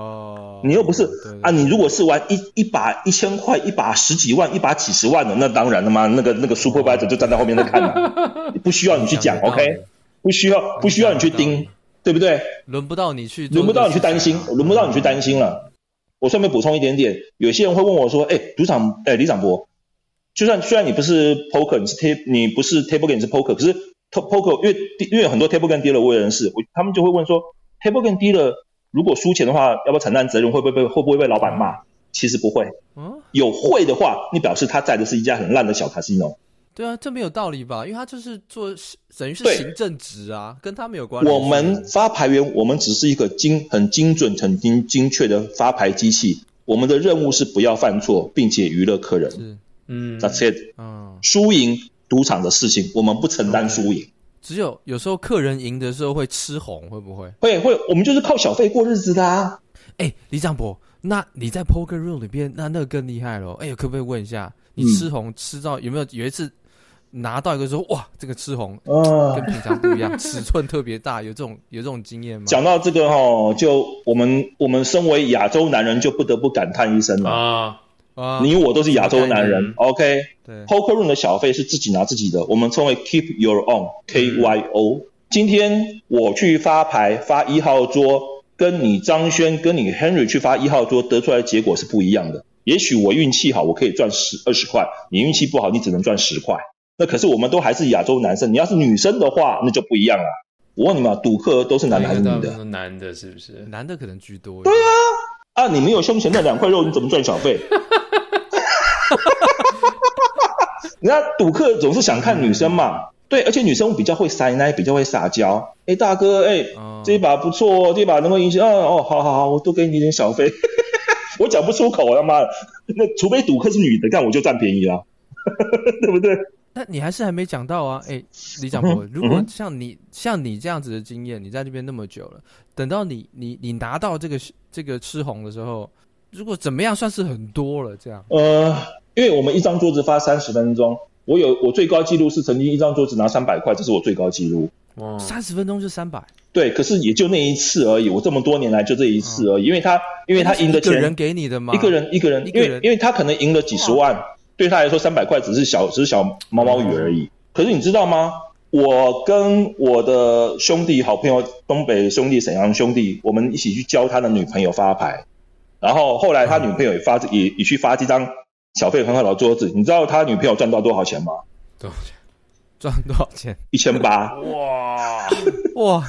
哦，你又不是啊？你如果是玩一一把一千塊，一把十幾萬，一把幾十萬的，那當然了嘛。那個那個 supervisor 就站在後面在看，啊，嗯、不需要你去講，OK？不需要，不需要你去盯。對不對？輪不到你去，輪不到你去擔心，輪不到你去擔心了。嗯、我順便補充一點點，有些人會問我說：“哎、欸，賭場，哎、欸，里長伯，就算雖然你不是 poker，你是 t a 你不是 table game，你是 poker，可是 poker，因為因為很多 table game 低了我人，我也是，他們就會問說、嗯、，table game 低了，如果輸錢的話，要不要承擔責任？會不會被會不會被老闆罵？其實不會。嗯、有會的話，你表示他在的是一家很爛的小 casino。”對啊，這沒有道理吧？因為他就是做，等於是行政職啊，對跟他沒有關係。我們發牌員，我們只是一個精、很精準、很精精確的發牌機器。我們的任務是不要犯錯，並且娛樂客人。嗯 That's it。嗯，輸贏賭場的事情，我們不承擔輸贏。嗯，只有有時候客人贏的時候會吃紅，會不會？會會，我們就是靠小費過日子的啊。哎，里長伯，那你在 poker room 裡邊，那那個更厲害了。哎，可不可以問一下，你吃紅，嗯，吃到有沒有有一次？拿到一個說哇，這個赤紅啊，跟平常不一樣，oh、尺寸特別大，有這種有這種經驗嗎？講到這個哈，就我們我們身為亞洲男人就不得不感嘆一聲了啊啊！你我都是亞洲男人、嗯、，OK？對，Poker room 的小費是自己拿自己的，我們稱為 Keep Your Own（K Y O）。嗯、今天我去發牌發一號桌，跟你張軒、跟你 Henry 去發一號桌得出來的結果是不一樣的。也許我運氣好，我可以賺十二十塊；你運氣不好，你只能賺十塊。那可是我們都還是亞洲男生，你要是女生的話，那就不一樣了。我問你們，賭客都是男還是女的？都男的，是不是？男的可能居多。對啊，啊，你沒有胸前那兩塊肉， 你怎麼賺小費？哈哈哈哈哈！哈哈哈哈哈！人家賭客總是想看女生嘛。的對，而且女生比較會塞奶，比較會撒嬌。哎、欸，大哥，哎、欸哦，這把不錯哦，這把能不能贏？嗯、啊，哦，好好好，我多給你一點小費。哈哈哈哈，我講不出口，他媽的，那除非賭客是女的，那我就占便宜了。哈哈哈哈哈！對不對？那你還是還沒講到啊？哎、欸，里長伯、嗯、哼如果像你、嗯、哼像你這樣子的經驗，你在那邊那麼久了，等到你你你拿到這個這個赤紅的時候，如果怎麼樣算是很多了？這樣？呃，因為我們一張桌子發三十分鐘，我有我最高記錄是曾經一張桌子拿三百塊，這是我最高記錄。哦三十分鐘就三百？對，可是也就那一次而已。我這麼多年來就這一次而已，哦、因為他因為他贏的、嗯、錢，一個人給你的嘛。一個人一個人，因為因為他可能贏了幾十萬。對他來說，三百塊只是小，只是小毛毛雨而已。嗯、可是你知道嗎？我跟我的兄弟、好朋友、東北兄弟、瀋陽兄弟，我們一起去教他的女朋友發牌。然後後來他女朋友也發，嗯、也也去發幾張小費很好的桌子。你知道他女朋友賺到多少錢嗎？多少錢？賺多少錢？一千八。哇 哇！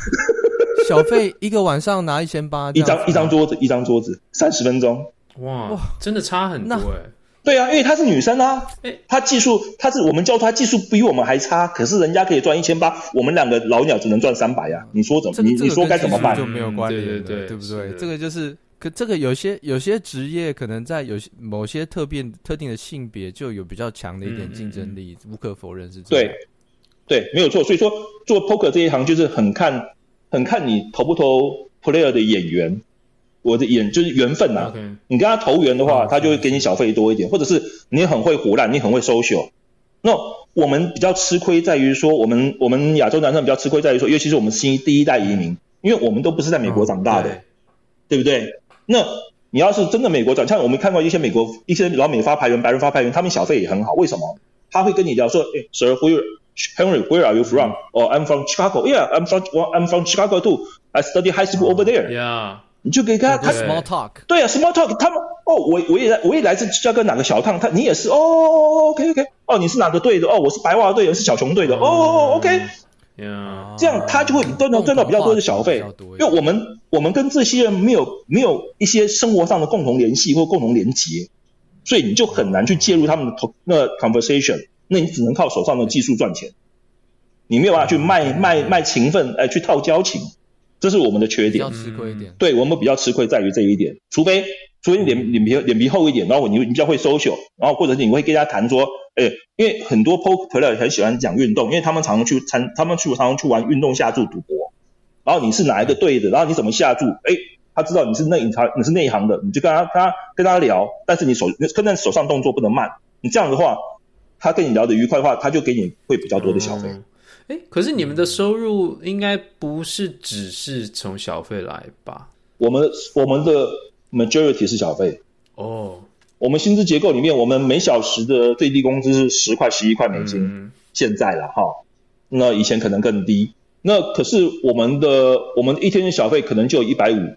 小費一個晚上拿一千八，一張、啊、一張桌子，一張桌子三十分鐘。哇哇！真的差很多哎、欸。對啊，因為她是女生啊，她、欸、技術，她是我們教她，技術比我們還差，可是人家可以賺一千八，我們兩個老鳥只能賺三百呀，你說怎麼？嗯、你你說該怎麼辦？就沒有關係，對對對，對不對？是的，這個就是，可這個有些有些職業，可能在有些某些特別特定的性別，就有比較強的一點競爭力，嗯嗯，無可否認是這樣。對，對，沒有錯。所以說做 poker 這一行就是很看，很看你投不投 player 的眼緣。我的眼就是緣分吶、啊。Okay. 你跟他投緣的話，Okay. 他就會給你小費多一點，Okay. 或者是你很會唬爛，你很會 social。那我們比較吃虧在於說，我們我們亞洲男生比較吃虧在於說，尤其是我們新第一代移民，因為我們都不是在美國長大的，Okay. 對不對？那你要是真的美國長，像我們看過一些美國一些老美發牌員、白人發牌員，他們小費也很好。為什麼？他會跟你聊說，哎、欸、，Sir，Where Henry? Where are you from?、Mm hmm. Oh, I'm from Chicago. Yeah, I'm from I'm from Chicago too. I studied high school over there.、Uh, yeah. 你就給他對對對他 small talk，對啊 small talk，他們哦我我也我也來自芝加哥哪個小燙，他你也是哦,哦，OK OK，哦你是哪個隊的哦我是白襪隊，我是小熊隊的、嗯、哦，OK，、嗯嗯、這樣他就會賺到賺到比較多的小費，因為我們我們跟這些人沒有沒有一些生活上的共同聯繫或共同連結，所以你就很難去介入他們的 con 那 conversation，那你只能靠手上的技術賺錢，你沒有辦法去賣、嗯、賣賣,賣情分哎、呃、去套交情。這是我們的缺點，比較吃虧一點。對，我們比較吃虧在於這一點，除非除非你臉、嗯、臉皮臉皮厚一點，然後你你比較會 social，然後或者是你會跟人家談說，哎，因為很多 poker player 很喜歡講運動，因為他們常常去參，他們去常常去玩運動下注賭博，然後你是哪一個隊的，然後你怎麼下注，哎，他知道你是內他你是內行的，你就跟他他，他跟他聊，但是你手跟他手上動作不能慢，你這樣的話，他跟你聊得愉快的話，他就給你會比較多的小費。嗯誒可是你們的收入應該不是只是從小費來吧？嗯、我們我們的 majority 是小費哦。我們薪資結構裡面，我們每小時的最低工資是十塊、十一塊美金。嗯、現在了哈，那以前可能更低。那可是我們的我們一天的小費可能就一百五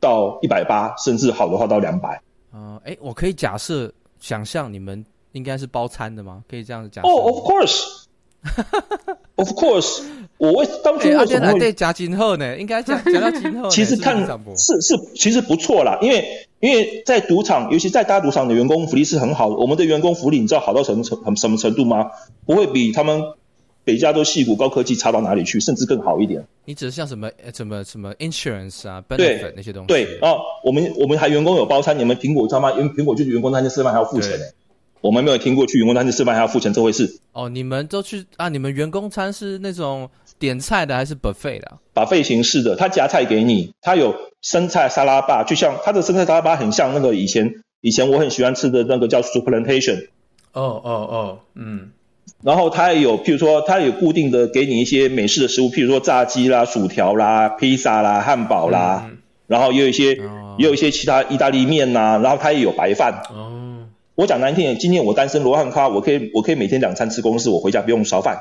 到一百八，甚至好的話到兩百。啊、呃、誒，我可以假設想象你們應該是包餐的嗎？可以這樣子假設？哦、oh, Of course。 Of course， 我當初為什麼會加今後呢？應該加加到今後，其實看，是是其實不錯啦，因為因為在賭場，尤其在大賭場的員工福利是很好的。我們的員工福利你知道好到什麼什什麼程度嗎？不會比他們北加州矽谷高科技差到哪裡去，甚至更好一點。你只是像什麼什麼什麼什麼 insurance 啊，對那些東西，對啊、哦，我們我們還員工有包餐，你們蘋果知道嗎？因為蘋果就是員工餐廳吃飯還要付錢我們沒有聽過去員工餐廳吃飯還要付錢這回事哦。Oh, 你們都去啊？你們員工餐是那種點菜的還是 buffet 的啊？buffet 形式的，他夾菜給你，他有生菜沙拉吧，就像他的生菜沙拉吧很像那個以前，以前我很喜歡吃的那個叫 Souplantation。哦哦哦，嗯。然後他也有，譬如說，他有固定的給你一些美式的食物，譬如說炸雞啦、薯條啦、披薩啦、漢堡啦。嗯、然後也有一些、oh. 也有一些其他意大利麵吶、啊，然後他也有白飯。哦。Oh. 我講難聽點，今天我單身羅漢咖，我可以，我可以每天兩餐吃公司，我回家不用燒飯，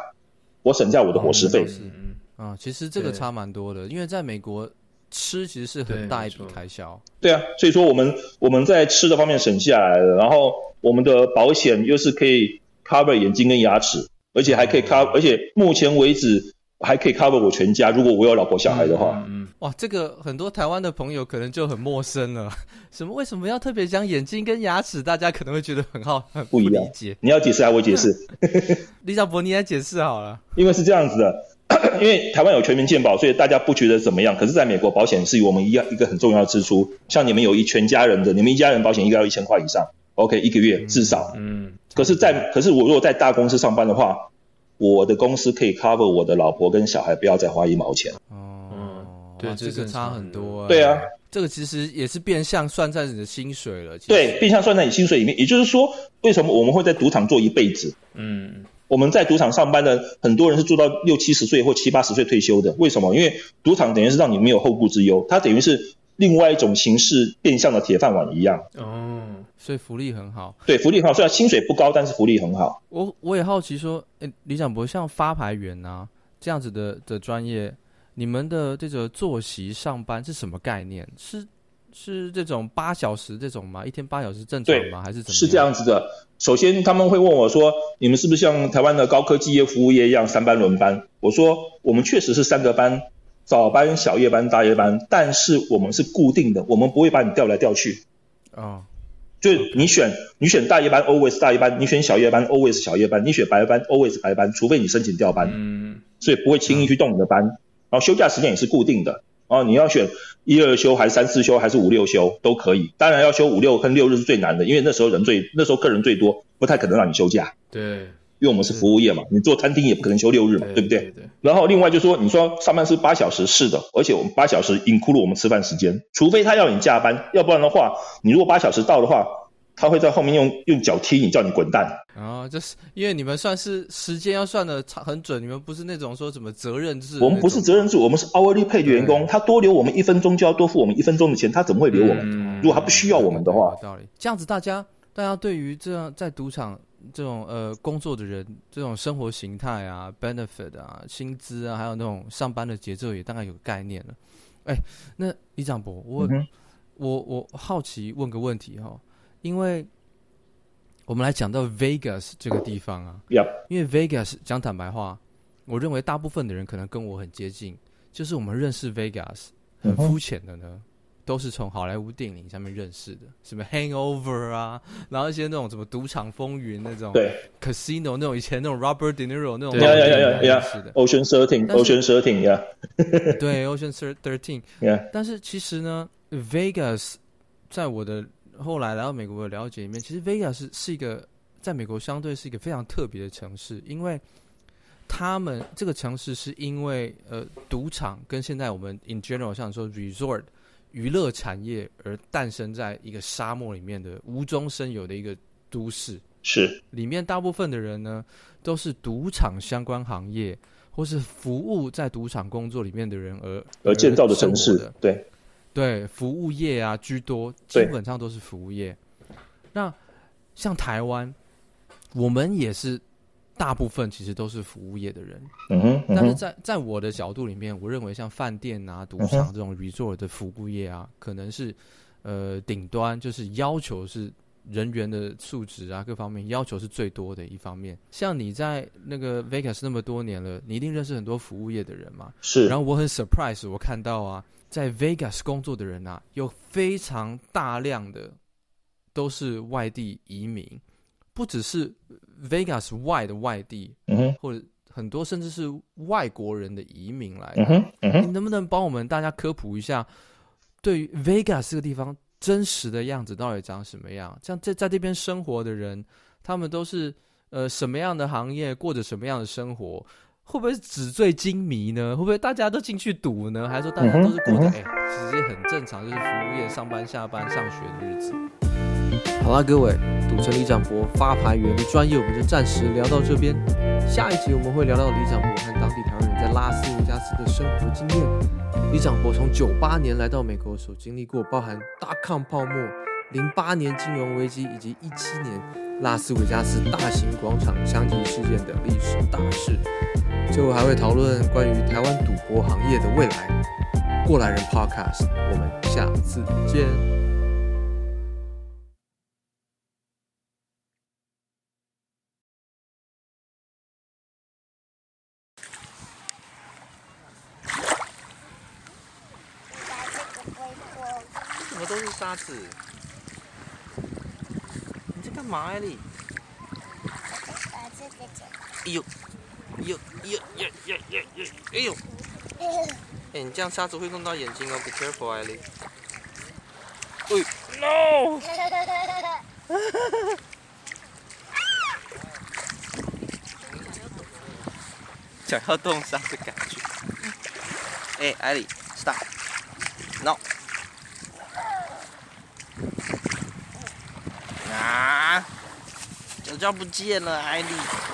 我省下我的伙食費。啊、哦嗯嗯哦，其實這個差蠻多的，對因為在美國吃其實是很大一筆開銷。對,對啊，所以說我們我們在吃的方面省下來了，然後我們的保險又是可以 cover 眼睛跟牙齒，而且還可以 cover，、嗯、而且目前為止。還可以 cover 我全家，如果我有老婆小孩的話。嗯嗯嗯、哇，這個很多台灣的朋友可能就很陌生了。什麼？為什麼要特別講眼睛跟牙齒？大家可能會覺得很好很不一樣。你要解釋還是、啊、我解釋。嗯、 里長伯，你來解釋好了。因為是這樣子的，咳咳因為台灣有全民健保，所以大家不覺得怎麼樣。可是，在美國保險是我們一樣一個很重要的支出。像你們有一全家人的，你們一家人保險應該要一千塊以上。OK，一個月至少。嗯。嗯，可是在，在、嗯、可是我如果在大公司上班的話。我的公司可以 cover 我的老婆跟小孩，不要再花一毛錢。哦，對，哇這個差很多欸。對啊，這個其實也是變相算在你的薪水了。對，變相算在你薪水裡面。也就是說，為什麼我們會在賭場做一輩子？嗯，我們在賭場上班的很多人是做到六七十歲或七八十歲退休的。為什麼？因為賭場等於是讓你沒有後顧之憂，它等於是。另外一種形式，變相的鐵飯碗一樣。哦，所以福利很好。對，福利很好，雖然薪水不高，但是福利很好。我我也好奇說，誒、欸，里長伯像發牌員啊這樣子的的專業，你們的這個作息上班是什麼概念？是是這種八小時這種嗎？一天八小時正常嗎？對還是怎麼？是這樣子的。首先他們會問我說，你們是不是像台灣的高科技業、服務業一樣三班輪班？我說我們確實是三個班。早班、小夜班、大夜班，但是我們是固定的，我們不會把你調來調去。啊，oh, okay. 就你選你選大夜班，always 大夜班；你選小夜班，always 小夜班；你選白班，always 白班，除非你申請調班。嗯。所以不會輕易去動你的班。嗯、然後休假時間也是固定的。然後你要選一二休還是三四休還是五六休都可以。當然要休五六跟六日是最難的，因為那時候人最那時候客人最多，不太可能讓你休假。對。因為我們是服務業嘛，你做餐廳也不可能休六日嘛，對不對？然後另外就說，你說上班是八小時，是的，而且我們八小時 include 我們吃飯時間，除非他要你加班，要不然的話，你如果八小時到的話，他會在後面用用腳踢你，叫你滾蛋。啊，就是因為你們算是時間要算得很準，你們不是那種說什麼責任制？我們不是責任制，我們是 hourly pay 的員工，他多留我們一分鐘就要多付我們一分鐘的錢，他怎麼會留我們？如果他不需要我們的話，道理這樣子，大家大家對於這樣在賭場。這種呃，工作的人，這種生活形態啊，benefit 啊，薪資啊，還有那種上班的節奏，也大概有概念了。哎、欸，那里長伯，我、嗯、哼我我好奇問個問題哈、哦，因為我們來講到 Vegas 這個地方啊，哦嗯，因為 Vegas 講坦白話，我認為大部分的人可能跟我很接近，就是我們認識 Vegas 很膚淺的呢。嗯都是從好萊塢電影上面認識的，什麼《Hangover》啊，然後一些那種什麼《賭場風雲》那種，對，《Casino》那種以前那種 Robert De Niro 那種認識的，《Ocean Thirteen》，《Ocean Thirteen》，yeah，對，《Ocean Thirteen》，yeah。但是其實呢，Vegas 在我的後來來到美國的了解裡面，其實 Vegas 是一個在美國相對是一個非常特別的城市，因為他們這個城市是因為呃，賭場跟現在我們 in general 像說 resort。娛樂產業而誕生在一個沙漠裡面的無中生有的一個都市，是裡面大部分的人呢，都是賭場相關行業或是服務在賭場工作裡面的人而而建造的城市的。對對，服務業啊居多，基本上都是服務業。對那像台灣，我們也是。大部分其實都是服務業的人，嗯哼，嗯哼，但是在在我的角度裡面，我認為像飯店啊、賭場這種 resort 的服務業啊，嗯哼，可能是呃，頂端就是要求是人員的素質啊，各方面要求是最多的一方面。像你在那個 Vegas 那麼多年了，你一定認識很多服務業的人嘛？是。然後我很 surprise，我看到啊，在 Vegas 工作的人啊，有非常大量的都是外地移民，不只是。Vegas 外的外地，嗯、哼或者很多甚至是外國人的移民來的。嗯嗯、你能不能幫我們大家科普一下，對於 Vegas 這個地方真實的樣子到底長什麼樣？像在在這邊生活的人，他們都是呃什麼樣的行業，過着什麼樣的生活？會不會紙醉金迷呢？會不會大家都進去賭呢？還是說大家都是過着哎，其、嗯哼欸、實很正常，就是服務業上班、下班、上學的日子。好啦，各位，賭城里長伯發牌員的專業，我們就暫時聊到這邊。下一集我們會聊聊里長伯和當地台灣人在拉斯維加斯的生活經驗。里長伯從九八年來到美國，所經歷過包含達康泡沫、零八年金融危機以及一七年拉斯維加斯大型廣場槍擊事件的歷史大事。最後還會討論關於台灣賭博行業的未來。過來人 Podcast，我們下次見。你幹嘛呀你？哎呦，呦呦呀呀呀呀！哎呦，哎你這樣沙子會弄到眼睛哦，Be careful，艾莉。欸、No！想要動沙子的感覺？嗯欸、艾莉，Stop！我叫不見了，艾麗。